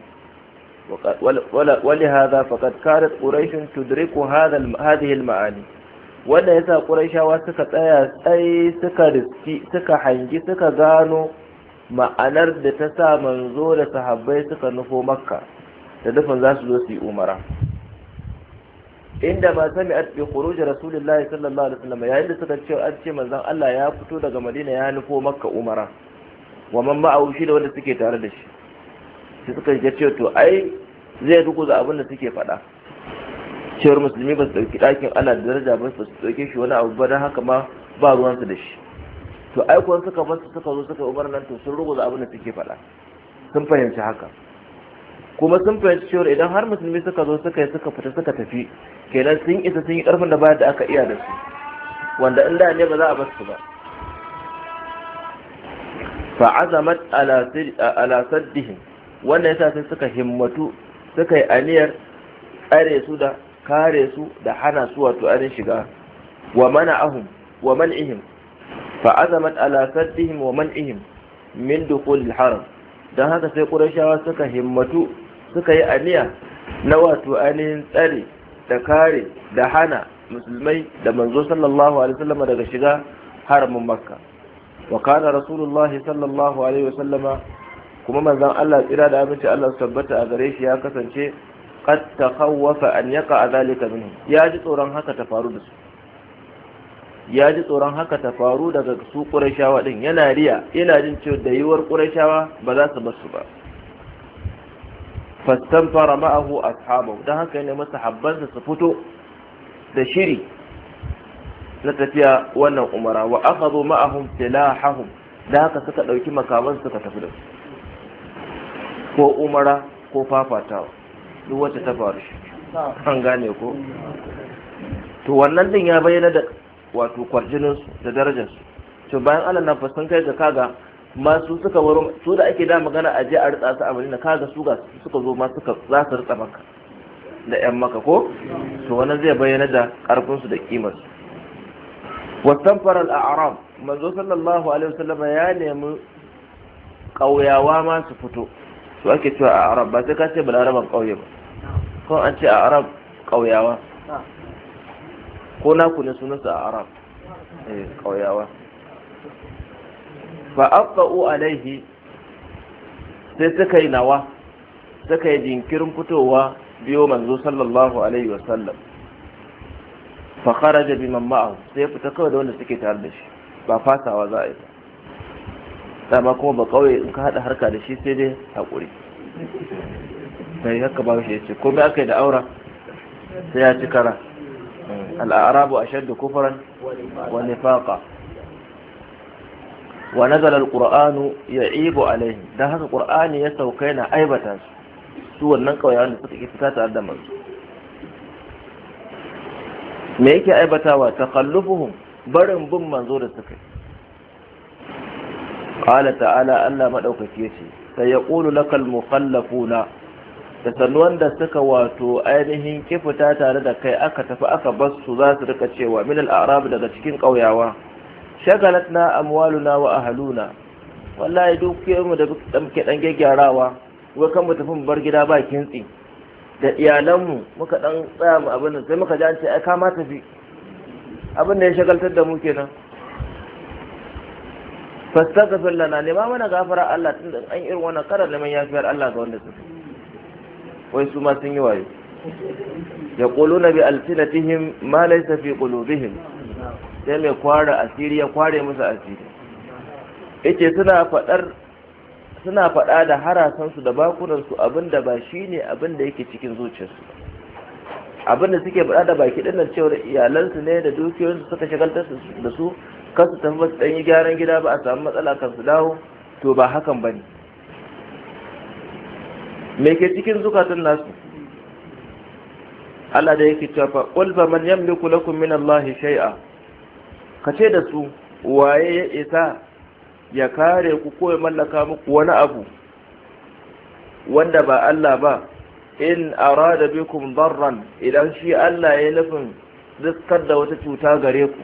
wali haza faqad kanat quraishun tudriku hadha hadhihi maani wannan yasa quraishawa suka tsaya tsaye suka riski suka hangi suka gano ma'anar da ta sa manzo da sahabbai suka nufo makka da dafin za su zo su yi umara inda ma sami'at bi khuruj rasulillahi sallallahu alaihi wasallam yayin da suka ce an ce manzon Allah ya fito daga Madina ya nufo Makka umara wa man ma'ahu shi da wanda suke tare da shi sai suka yi ce to ai zai duku za abin da suke faɗa cewar musulmi ba su dauki ɗakin Allah da daraja ba su dauke shi wani abu ba don haka ma ba ruwansu da shi to ai kuwa suka basu suka zo suka umar nan to sun rugu za abin da suke faɗa sun fahimci haka kuma sun fahimci cewa idan har musulmi suka zo suka yi suka fita suka tafi kenan sun isa sun yi karfin da bayan da aka iya da su wanda in da ne ba za a basu ba fa azamat ala saddihim wannan yasa sai suka himmatu suka yi aniyar tsare su da kare su da hana su wato arin shiga wa ahum wa ihim fa azamat ala saddihim wa ihim min dukhulil haram dan haka sai qurayshawa suka himmatu suka yi aniya na wato ainihin tsare da kare da hana musulmai da manzo sallallahu alaihi wasallam daga shiga haramin makka wa kana rasulullah sallallahu alaihi wasallama kuma manzon Allah tsira da aminci Allah su tabbata a gare shi ya kasance qad takhawwafa an yaqa zalika minhu ya ji tsoron haka ta faru da su ya ji tsoron haka ta faru daga su ƙurashawa ɗin, yana riya yana jin cewa da yiwar qurayshawa ba za su bar su ba fara ma'ahu ashabahu don haka ya masa habbansa su fito da shiri na tafiya wannan umara wa aka zo ma'ahun silahahum da haka suka ɗauki makaman suka tafi da su ko umara ko fafatawa duk wacce ta faru shi an gane ko to wannan din ya bayyana da wato kwarjininsu da darajarsu to bayan allah na fasan kai ga kaga masu suka waro su da ake da magana a je a ritsa su a madina kaga su ga suka zo ma suka za su ritsa maka da yan maka ko to wannan zai bayyana da karfin su da kimar su wastanfara al-a'rab manzo sallallahu alaihi wasallam ya nemi kauyawa ma su fito su ake cewa a arab ba sai ka ce balaraban kauye ba ko an ce a arab kauyawa ko naku ne sunansa a arab eh kauyawa fa afsa'u alaihi sai suka yi nawa suka yi jinkirin fitowa biyo manzo sallallahu alaihi wa sallam fa kharaja bi man ma'ahu sai fita kawai da wanda suke tare da shi ba fasawa za a yi ba dama kuma ba kawai in ka hada harka da shi sai dai hakuri sai haka ba shi yace komai aka yi da aura sai ya ci kara al-arabu ashaddu kufran wa nifaqa wa nazala alqur'anu ya'ibu alaihi dan haka qur'ani ya sauka yana aibata su su wannan kauyawan da suka fita tare da manzo me yake aibatawa takallufuhum barin bin manzo da suka qala ta'ala Allah ce, yace sai yaqulu lakal na da sannu da suka wato ainihin kifuta tare da kai aka tafi aka su za su rika cewa min al daga cikin ƙauyawa. shagalatna amwaluna wa ahaluna wallahi dukiyar mu da muke dan gyarawa wa kan mu tafi mu bar gida ba kintsi da iyalanmu muka dan tsaya mu abin sai muka ji an ce ai ka ma tafi abin da ya shagaltar da mu kenan fastaghfir lana nema mana gafara Allah tun da an irin wannan karar neman yafiyar Allah ga wanda suka wai su ma sun yi wayo yaquluna bi alsinatihim ma laysa fi qulubihim sai mai kware asiri ya kware musu asiri yake suna faɗar suna faɗa da harasansu da bakunansu abinda ba shi ne abinda yake cikin zuciyarsu abinda suke faɗa da baki ɗin nan cewar iyalansu ne da dukiyoyinsu suka shagaltar da su kansu tafi ba su yi gyaran gida ba a samu matsala kan su dawo to ba hakan ba ne me ke cikin zukatun nasu Allah da yake cewa fa qul man yamliku lakum min Allah shay'a ka ce da su waye ya isa ya kare ku ko ya mallaka muku wani abu wanda ba Allah ba in arada bikum darran idan shi Allah ya nufin riskar da wata cuta gare ku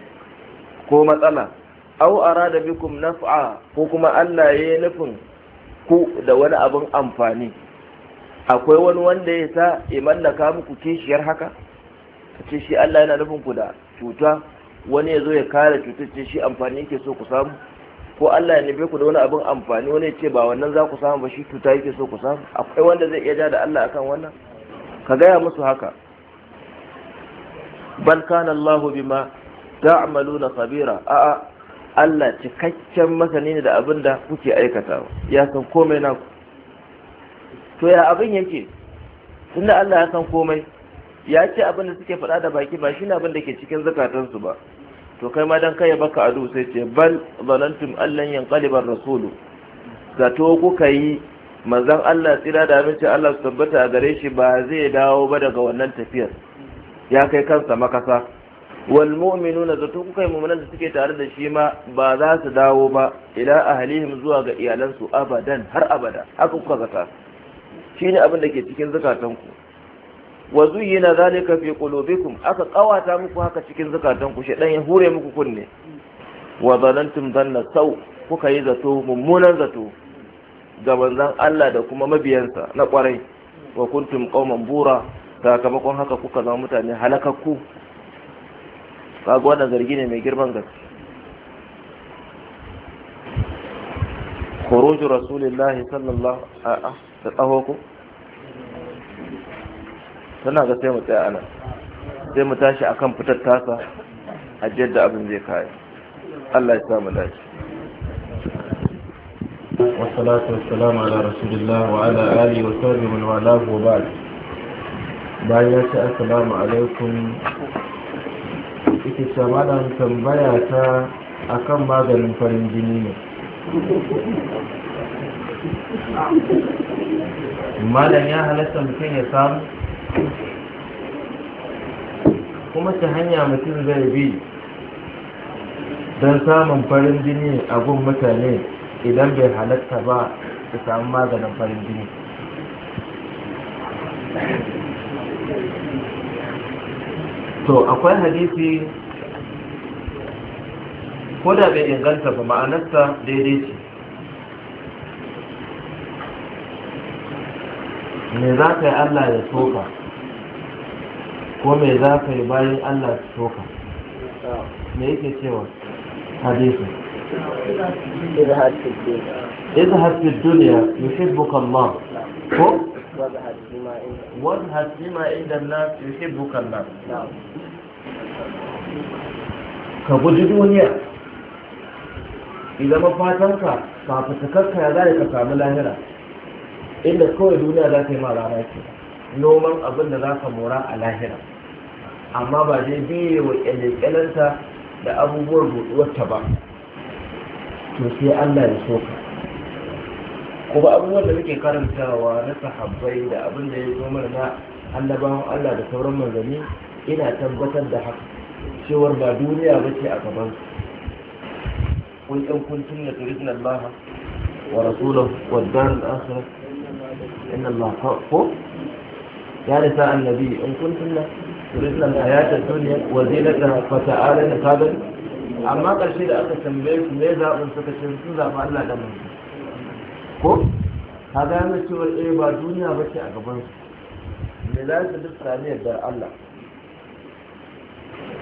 ko matsala aw arada bikum naf'a ko kuma Allah ya nufin ku da wani abin amfani akwai wani wanda ya sa ya mallaka muku kishiyar haka ce shi Allah yana nufin ku da cuta wani ya zo ya kare cutar ce shi amfani yake so ku samu ko Allah ya nufe ku da wani abin amfani wani ya ce ba wannan za ku samu ba shi cuta yake so ku samu akwai wanda zai iya ja da Allah akan wannan ka gaya musu haka bal kana Allah bima ta'maluna khabira a'a Allah cikakken masani ne da abin da kuke aikatawa ya san komai na ku to ya abin yake tunda Allah ya san komai ya ce abin da suke faɗa da baki ba shi ne abin da ke cikin zakatansu ba to kai ma dan kai baka adu sai ce bal zalantum allan yanqalibar rasulu zato kuka yi manzon Allah tsira da aminci Allah su tabbata a gare shi ba zai dawo ba daga wannan tafiyar ya kai kansa makasa wal mu'minuna zato kuka yi mu'minan da suke tare da shi ma ba za su dawo ba ila ahlihim zuwa ga iyalansu abadan har abada haka kuka zata shine abin da ke cikin ku. wa zuyyina zalika fi qulubikum aka ƙawata muku haka cikin zakatan ku shedan ya hure muku kunne wa zalantum dhanna sau kuka yi zato mummunan zato ga manzon Allah da kuma mabiyansa na kwarai wa kuntum qauman bura sakamakon haka kuka zama mutane halakakku kaga wannan zargi ne mai girman gaske khuruj rasulillahi sallallahu alaihi wasallam da ku. tana ga sai mu tsaya ana sai mu tashi akan fitar tasa ajiyar da abin zai kai. Allah ya samu dace wasalatu wassalamu ala rasulillah wa ala alihi wa sahbihi wa walahu wa ba'd bayan ya ce assalamu alaikum ita ce malam tambaya ta akan maganin farin jini ne malam ya halatta mutum ya samu kuma ta hanya mutum zai bi don samun farin jini a gun mutane idan bai halatta ba su samu maganin farin jini to akwai hadisi ko da bai inganta ba ma'anarsa daidai ce me za ka yi allah ya soka ko me za ka yi bayan Allah su soka me yake cewa hadisi izhar fi dunya yuhibbuka Allah ko wazhar ma inda na yuhibbuka Allah ka guji duniya idan mafatanka kafin ka ya za ka samu lahira inda kawai duniya za ta yi ma rana ce noman abin da za ka mora a lahira amma ba zai biye wa kyalkyalanta da abubuwan buɗuwarta ba to sai allah ya so ka kuma abubuwan da muke karantawa na sahabbai da abin da ya zo mana na annabawan allah da sauran manzanni ina tabbatar da haka cewar ba duniya ba ce a gaban kun yan kuntun na wa rasulahu wa darar inna allah ko Ya يا نساء النبي إن كنتن تريدن الحياة الدنيا وزينتها فتعالن قابل amma ƙarshe da aka tambaye su me su suka ce sun zaɓi Allah da mun ko ka gano cewa eh ba duniya ba ce a gaban su me za su duk sami yardar Allah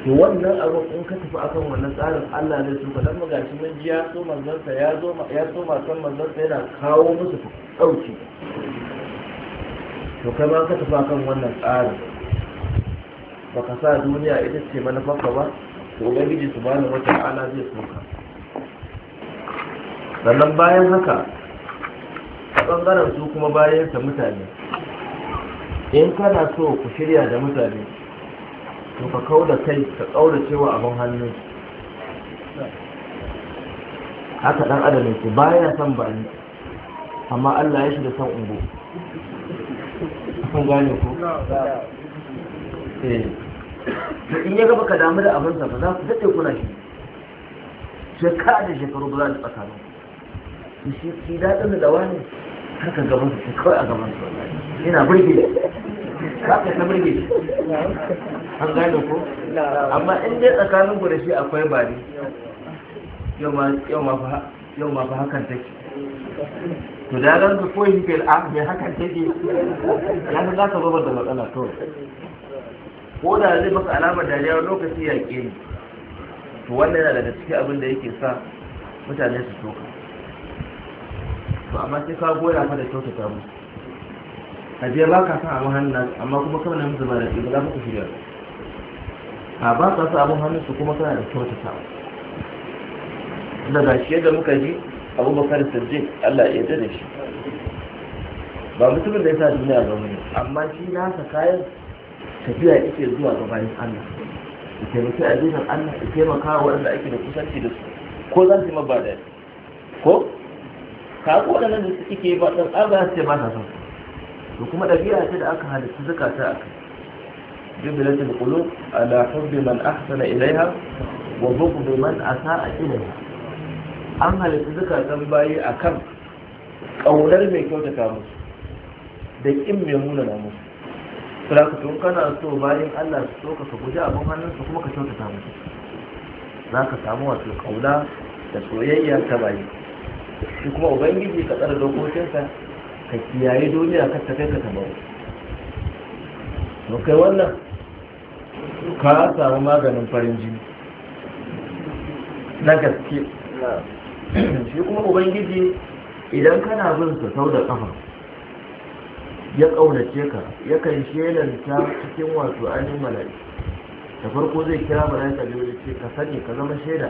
to wannan abu in ka tafi akan wannan tsarin Allah ne su ka dan magashi mun ji ya so manzon ya zo ya so matan manzon yana kawo musu ɗauki to kai ma ka tafi kan wannan tsarin Ba ka sa duniya ita ce manufarka ba to ubangiji wata ala zai soka sannan bayan haka a ɓangaren su kuma bayan sa mutane in kana so ku shirya da mutane to ka kau da kai ka ƙaura cewa abin hannu haka ɗan adamin yake baya son ba ni amma Allah ya shi da son ungo kun gane ku da eh. in ya gaba ka damu da abinsa ba za ku daɗe kuna shi shekara da shekaru ba za su tsakanin ku shi ki daɗin da wani har ka gaban su kawai a gaban su yana burge da ka ta burge shi an gane ku amma in dai tsakanin ku da shi akwai ba ne yau ma fa hakan take to da ran before he ne up mai hakan take ya san za ka zubar da matsala to ko da zai baka alamar dariya lokaci ya ke ni to wannan yana daga cikin abin da yake sa mutane su soka to amma sai ka goya fa da kyautata musu a biya ba ka san abin hannun amma kuma kawai na musu ba da ba za ka shirya a ba ka san abin hannun su kuma kana da kyautata musu daga shi yadda muka ji abu bakar sirje Allah ya yarda shi ba mutumin da ya sa duniya ga wani amma shi na sa kayan tafiya yake zuwa ga bayan Allah ya taimaki addinin Allah ya taimaka wa waɗanda ake da kusanci da su ko za su yi mabada ko ka ko waɗannan da suke ba ɗan Allah ce ba sa son to kuma ɗabi'a ce da aka halitta zakata a kai jubilatul qulub ala hubbi man ahsana ilaiha wa bughdi man asa'a ilaiha an halittu zukatan bayi a kan ƙaunar mai kyautata musu da ƙin mai na musu turakutun kana so bayan allah su so ka su guji abin su kuma ka kyautata musu za ka samu wato ƙauna da soyayya ta bayi shi kuma ubangiji ka tsara dokokinsa ka kiyaye duniya ka ta kai ka tabaru to kai wannan ka samu maganin farin jini na gaske shi kuma ubangiji idan kana bin sa sau da kafa ya ƙaunace ka ya kan ta cikin wato ainihin mala'i da farko zai kira mala'i ka ya ce ka sani ka zama shaida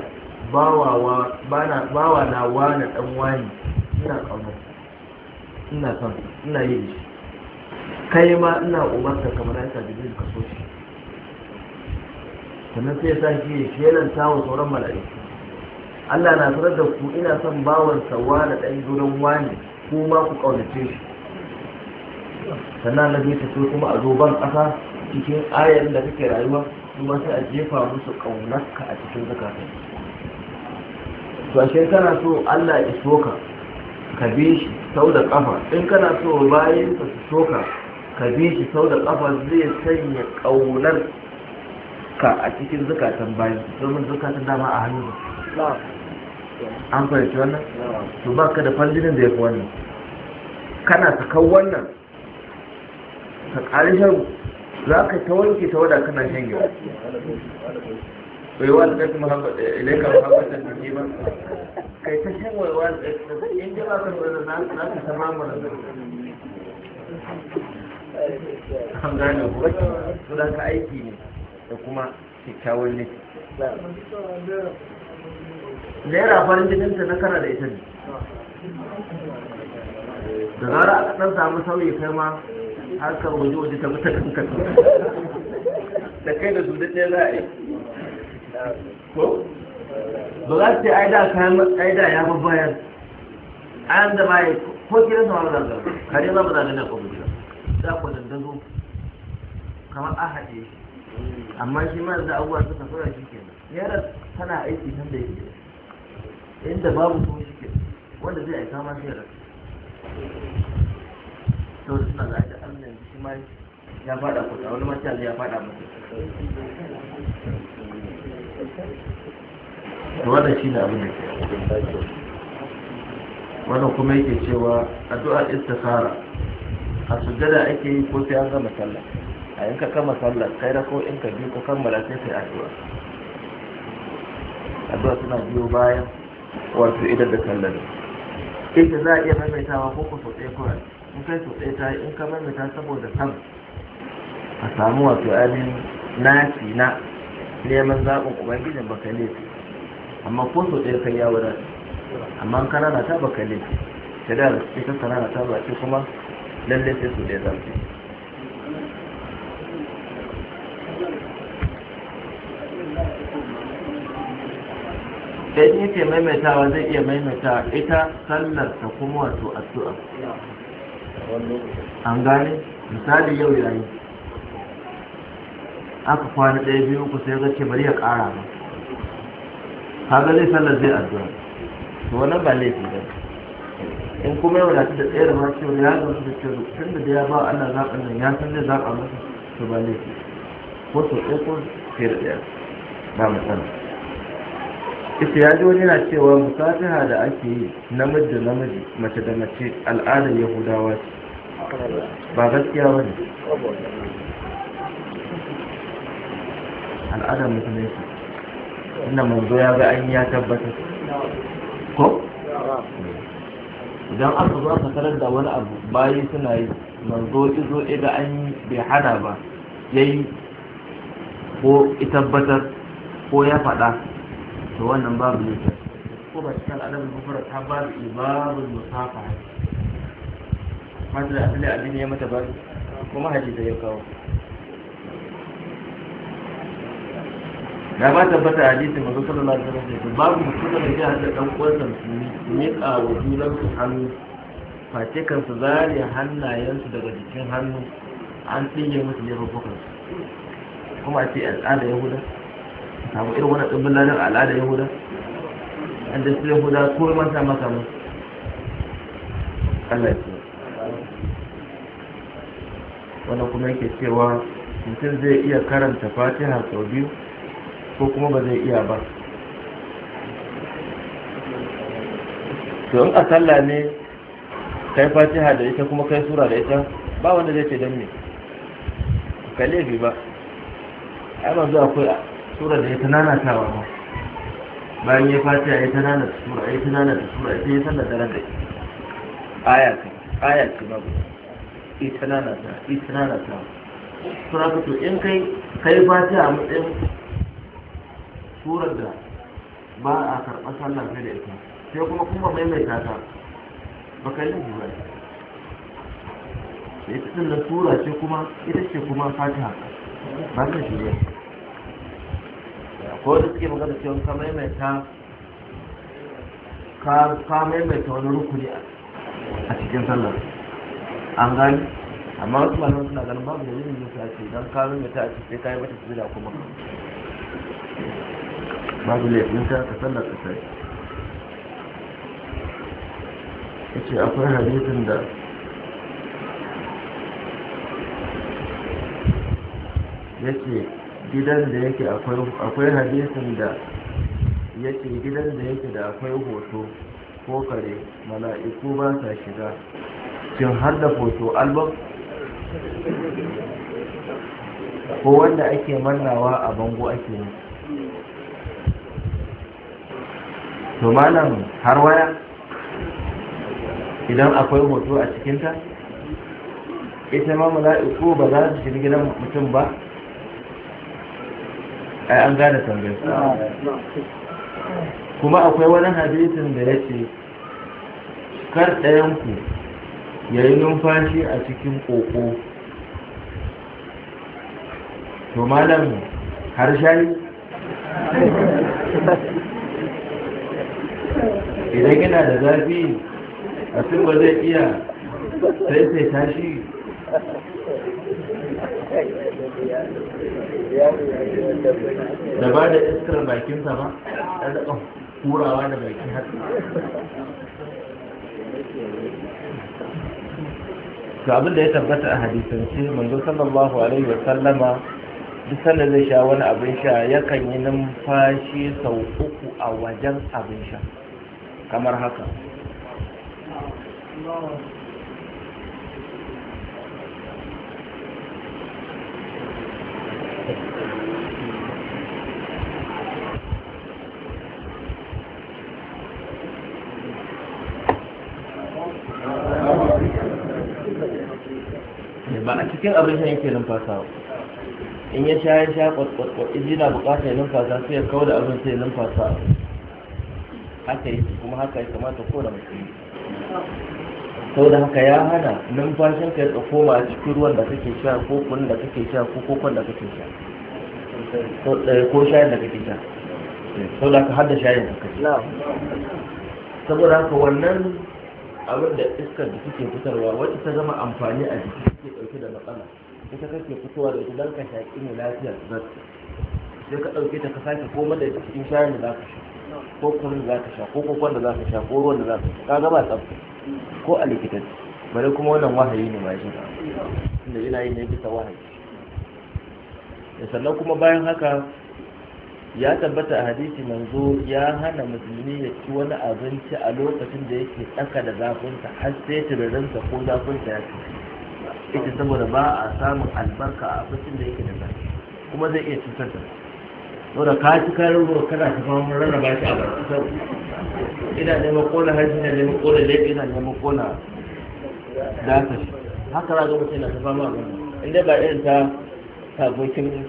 bawa na wani dan wani ina ƙaunar ina son ina yin shi kai ma ina umarta ka mala'ika da ka so shi sannan sai ya sa shi shelan ta wa sauran mala'iku Allah na sanar da ku ina son bawan sawa da ɗan gurin wani ko ma ku ƙaunace shi sannan na zai tafi kuma a ban ƙasa cikin ayar da kake rayuwa kuma sai a jefa musu ƙaunarka a cikin zakatan to shi kana so Allah ya soka ka bi shi sau da ƙafa in kana so bayan ka su soka ka bi shi sau da ƙafa zai sanya ƙaunar ka a cikin zakatan bayan domin zakatan dama a hannu an fahimci wannan to ba ka da fallinin da ya fi wannan kana ta kawo wannan ka ƙari shan za ka ta wanke ta wada kana shan yawa waiwa da kai muhammad eh, ilaika muhammad da ke ba kai ta shan wani da in ji ba ka da za ka ta mamura an gane ku to da ka aiki ne da kuma kyakkyawan ne naira farin cikin ta na da ita ne da zara aka ɗan samu sauyi kai ma harkar waje waje ta mutu kanka da kai da su ɗaya za a yi ko ba za su ce ai da kayan ai da ya babbayar an da yi ko kiran sa wani zangar kare za mu zaga ne kwabu za ku dandazo kamar a haɗe amma shi ma da abubuwa suka tsora shi kenan yaran tana aiki kan da yake inda babu kuma shi wanda zai aika ma shi rasu to suna ga da Allah shi ma ya fada ku wani mata ya fada masa to wannan shine abin da ke wannan kuma yake cewa addu'a istikhara a sujjada ake yi ko sai an gama sallah a yanka kama sallah kai da ko in ka bi ko kammala sai kai addu'a addu'a suna biyo bayan wato idan da sallar ita za a iya maimaitawa ko ku sau ɗaya kawai in kai sau ɗaya ta yi in ka maimaita saboda kan a samu wato ainihin naci na neman zaɓin ubangijin gidan baka laifi amma ko sau ɗaya kai ya wura amma kanana ta baka laifi ta da ita kanana ta ba ce kuma lallai sai sau ɗaya za su yi in yake maimaitawa zai iya maimaita ita sallar ta kuma wato addu'a an gane misali yau yayi aka kwana ɗaya biyu ku sai zace bari ya ƙara ba kaga zai sallar zai addu'a to wani ba laifi ba in kuma yau da ta tsaye da masu yau ya zama da cewa tun da ya ba Allah zaɓin nan ya san zai zaɓa masa to ba laifi ko to ɗaya ko fiye da ɗaya ba matsala ita ya ji wani yana cewa musatiha da ake yi namiji da namiji mace da mace al'adar yahudawa ce ba gaskiya ba ne al'adar musulunci inda manzo ya ga an ya tabbatar ko idan aka zo aka tarar da wani abu bayi suna yi manzo izo ga an bai hana ba yayi ko tabbatar ko ya faɗa to wannan babu ne ko ba cikin al'adar mufarar ta ba da ibabin musafa masu da asali abin ya mata ba kuma hadisa ya kawo da ba tabbata hadisi manzo sallallahu alaihi ba. babu mutum da ya hada dan uwansa musulmi ne a wajulan su hannu face kan su zare hannayensu daga jikin hannu an tsinge musu ne rufukansu kuma a ce al'ada yahuda samu irin wani ɗumbin ladar al'adar yahuda an da su yahuda ko man sa maka mu Allah ya wannan kuma yake cewa mutum zai iya karanta fatiha sau biyu ko kuma ba zai iya ba to in a sallah ne kai fatiha da ita kuma kai sura da ita ba wanda zai ce don me ka bi ba ai manzo akwai sura da ya ta nanatawa ba bayan ya fata ya ta nanata sura ya ta nanata sura sai ya sallar daren da aya ka aya ce babu ita nanata ita ta sura ka to in kai kai fata a matsayin surar da ba a karɓar sallar kai da ita sai kuma kuma maimaita ta baka yi ba ita ɗin na sura ce kuma ita ce kuma fata ba ta shirya ko da suke magana cewa ka maimaita ka maimaita wani rukuni a cikin sallar an gani amma wasu malaman suna ganin babu da yin yusa ce don ka maimaita a cikin kayan mata sujada kuma babu laifin ta ka sallar kasar ya yake akwai hadisin da yake. gidan da yake akwai hadisun da yake gidan da yake da akwai hoto ko kare mala'iku ba sa shiga cin har da hoto albam ko wanda ake mannawa a bango ake yi to malam har waya idan akwai hoto a cikinta ita ma mala'iku ba za su shiga gidan mutum ba ai an gane tambayar kuma akwai wani hadisin da ya ce kar ɗayanku ya yi numfashi a cikin ƙoƙo to malam har shayi idan yana da zafi a ba zai iya sai sai tashi da ba da iskar bakinsa ba ya daga hurawa da baki haka to abin da ya tabbata a hadisance manzo sallallahu alaihi wa sallama duk sanda zai sha wani abin sha yakan yi numfashi sau uku a wajen abin sha kamar haka ba a cikin abincin yake numfasa in ya sha ya sha kwatkwatkwat in yana bukatar numfasa sai ya kawo da abin sai numfasa haka yi kuma haka ya kamata ko da mutum sau da haka ya hana fashin ka ya koma a cikin ruwan da kake sha ko kunun da kake sha ko kokon da kake sha ko eh, shayin da kake sha sau da haka har da shayin da kake saboda haka wannan abin da iskar da kake fitarwa wacce ta zama amfani a jiki suke dauke da matsala ita kake fitowa da ita don ka shaƙi mai lafiyar zarta sai ka ɗauke ta ka sake koma da cikin shayin da za ka sha ko kunun da za ka sha ko kokon da za ka sha ko ruwan da za ka sha ka gaba tsabta ko a likitanci bari kuma wannan wahayi ne ba shi inda ina yi ne bisa wahayi da sannan kuma bayan haka ya tabbata a hadisi manzo ya hana musulmi ya ci wani abinci a lokacin da yake tsaka da zafinsa har sai turarinsa ko zafinsa ya ita saboda ba a samun albarka a abincin da yake da zafi kuma zai iya cutar da su wanda ka ci kayan ruwa kana ta fama rarraba shi a barkatau ina neman kona harshe ina neman kona laifi na neman kona ta shi haka za ga mutum na ta fama mun inda ba irin ta sabokin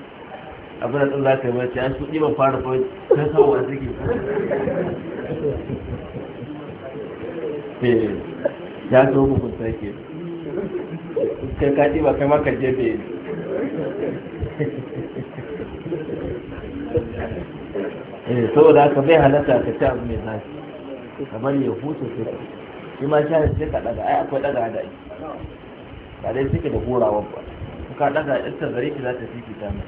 abin da ɗin za ka yi mace an shuɗi ɗiban fara fa ta sauwa suke eh, ya so hukunta ke sai ka ɗiba kai ma ka jefe eh saboda haka bai halatta ka ci abu mai zafi kamar ya huta sai ka shi ma shi sai ka daga ai akwai daga da ai. ba dai suke da horawar ba ka daga ita gare ki za ta ta mai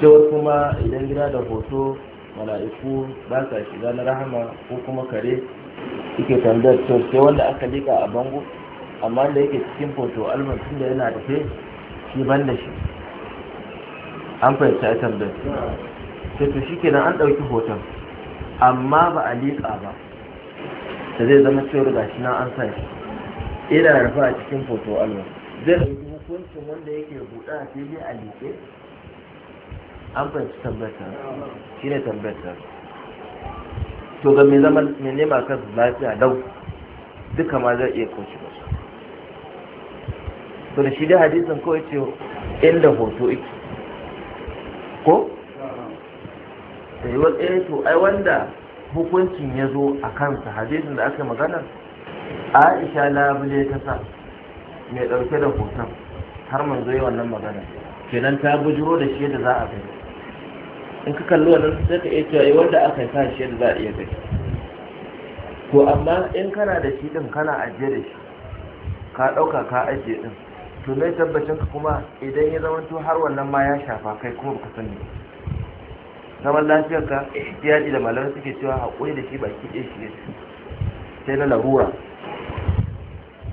cewar kuma idan gida da hoto mala'iku ba sa shiga na rahama ko kuma kare suke tambayar to sai wanda aka liƙa a bango amma da yake cikin foto alman tun da yana da shi ban da shi an fahimci a tambaye sai to shikenan an ɗauki hoton amma ba a liƙa ba da zai zama cewar gashi na an sa shi ina rufe a cikin foto alwa zai ɗauki hukuncin wanda yake buɗa a fili a liƙe an fahimci tambata shi ne tambata to ga mai zama mai nema kansu lafiya dau. duka ma zai iya kauce ba to da shi dai hadisin kawai ce inda hoto yake ko da eh, yi eh, to ai wanda hukuncin ya zo a kansa hadisin da aka magana aisha labule ta sa mai ɗauke da hoton har zo yi wannan magana kenan ta bujiro da shi da za a kai in ka kalli wannan sai ka iya ai eh, wanda aka yi sa shi da za a iya kai to amma in kana da shi din kana ajiye da shi ka ɗauka ka ajiye din to mai tabbacin ka kuma idan ya zama to har wannan ma ya shafa kai kuma baka sani zaman lafiyar ka ji da malamai suke cewa haƙuri da shi baki ɗaya shi sai na larura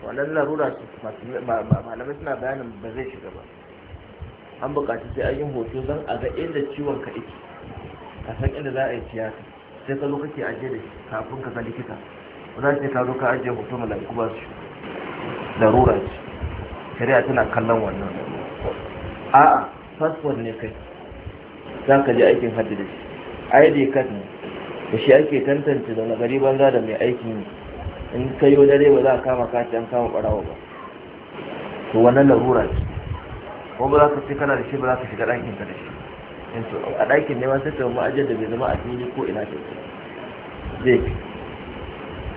wannan larura malamai suna bayanin ba zai shiga ba an buƙaci sai an yi hoto zan a ga inda ciwon ka ike a san inda za a yi tiyata sai ka zo kake ajiye da shi kafin ka ga likita za ka ka zo ka ajiye hoto malamai ba su larura ce shari'a tana kallon wannan a'a passport ne kai za ka je aikin hajji da shi id card ne da shi ake tantance da na gari banza da mai aikin yi in ka yi dare ba za a kama kaci an kama barawa ba to wannan larura ce ko ba za ka ce kana da shi ba za ka shiga ɗakin ka da shi a ɗakin ne ma sai ka ma'ajiyar da bai zama a fili ko ina ce zai fi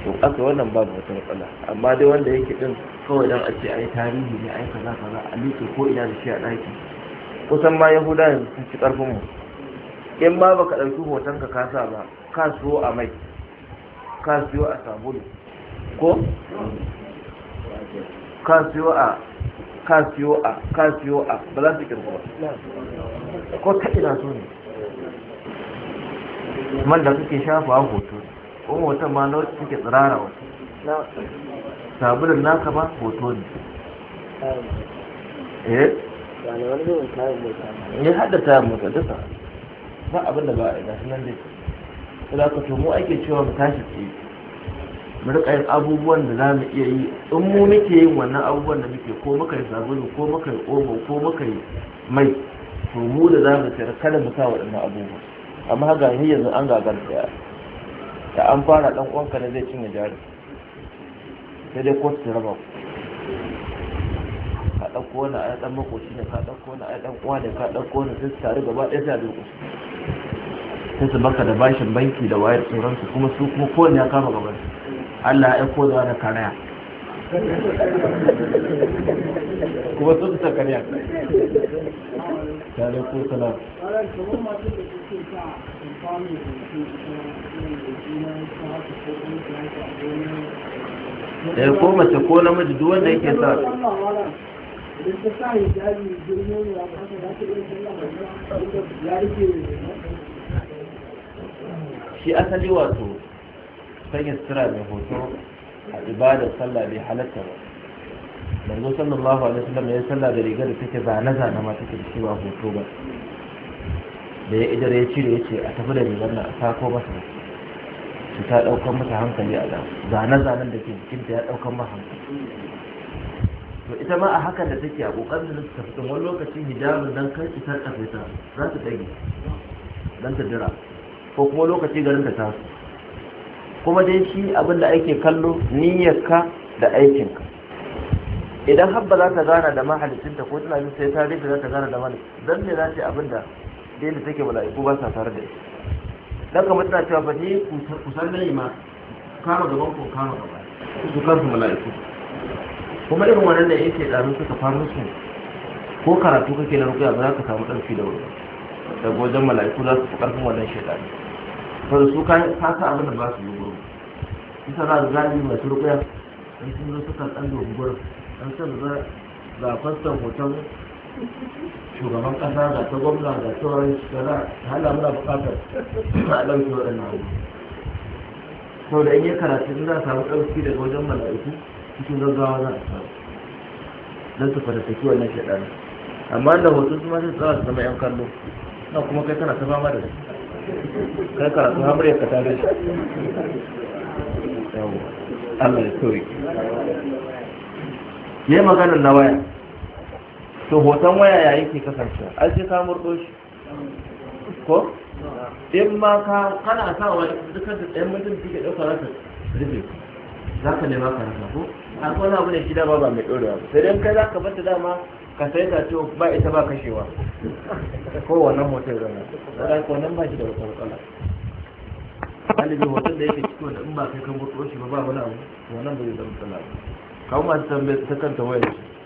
to aka wannan babu wata matsala amma dai wanda yake din kawai dan a ce ai tarihi ne ai kaza kaza a liƙe ko ina da shi a daki kusan ma yahuda ne sun ci karfin mu in ba baka ɗauki hoton ka kasa ba ka siyo a mai ka siyo a sabulu ko ka siyo a ka so a ka so a ba za su kirgo ba ko ta ina so ne man da kake shafa hoto ne kuma hoton ma na suke tsirara wasu sabulin naka ba hoto ne eh ya hada ta mota duka ba abin da ba a gasu nan dai za ka to mu ake cewa mu tashi ce mu rika yin abubuwan da za mu iya yi in mu muke yin wannan abubuwan da muke ko muka yi sabulu ko muka yi omo ko muka yi mai to mu da za mu tsira kada mu sa waɗannan abubuwa amma haka yanzu an gagar tsaya da an fara dan uwanka ne zai cinye jari sai dai kotu ta raba ka dauko wani a dan makoci ne ka dauko wani a dan uwa da ka dauko wani sai su gaba ɗaya sai a duku sai su baka da bashin banki da wayar sauransu kuma su kuma kowane ya kama gaba Allah ya aiko da wani karaya kuma sun ta karya tare ko salam da ko mace ko namiji duk wanda yake sa shi asali wato sanya sutura mai hoto a ibadar sallah bai halatta ba manzo sallallahu alaihi wasallam ya sallah da rigar da take zane zane ma take da shi ba hoto ba da ya idar ya cire ya ce a tafi da rigar na a sako masa da su ta ɗaukar masa hankali a da zane-zanen da ke jikinta ya ɗaukar masa hankali to ita ma a hakan da take a ƙoƙarin da ta fito wani lokacin hijabin don kar ki sarƙafe ta za ta dage don ta jira ko kuma lokaci garin ta taso kuma dai shi abin da ake kallo niyyarka da aikinka idan habba za ta gana da mahalicinta ko tunanin sai ta za ta gana da mahalicinta don ne za ta yi abin da da yadda take mala'iku ba sa tare da ita dan kamar tana cewa fa ni kusan nayi ma kama gaban ku kama gaba su kansu mala'iku kuma irin wannan da yake da suka fara su ko karatu kake na rukuya ba za ka samu ɗarfi da wuri daga wajen mala'iku za su fi ƙarfin wannan shaidani ba su ka sa abin da ba su yi gurin isa za su gani masu rukuya in sun zo suka ɗan dogon gurin an san za ga fasta hoton shugaban kasa ga ta gwamna ga sauran shugaba ta hala muna bukatar a ɗauke waɗannan abu ko da in yi karatu za a samu ɗauki daga wajen mala'iku cikin gaggawa za a samu don su fata saki wannan shaɗan amma da hoto su ma sai tsawa su zama yan kallo na kuma kai kana ta fama da su kai karatu hamar ya kata da shi Allah ya sauri. Yi maganar na waya. to hoton waya ya yake ke ai sai ka murdo shi ko in ma ka kana sa wa dukkan da ɗayan mutum suke ɗauka za ka rufe za ka nema ka rasa ko har wani abu ne shi dama ba mai ɗorewa ba sai dan kai za ka bata dama ka sai ta ce ba ita ba kashewa ko wannan hoton zama za ka nan ba shi da wata matsala alibi hoton da yake ciki wanda in ba kai kan gurɗo shi ba ba wani abu wannan ba zai zama matsala ba kawo masu tambayar ta kanta wayar shi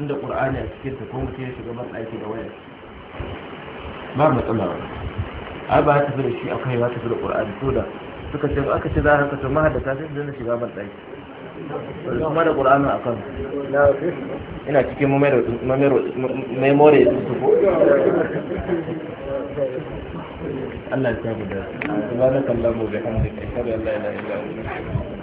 inda qur'ani a cikin ta kuma mutum shiga ban aiki da wayar ba matsala ba a ba ta fi da shi akwai ba ta fi da ƙur'ani to da suka ce aka ce za a haka to ta sai su shiga ban daki kuma da ƙur'ani a kan ina cikin memory su ko Allah ya tabbata subhanakallahumma wa bihamdika ashhadu an la ilaha illa anta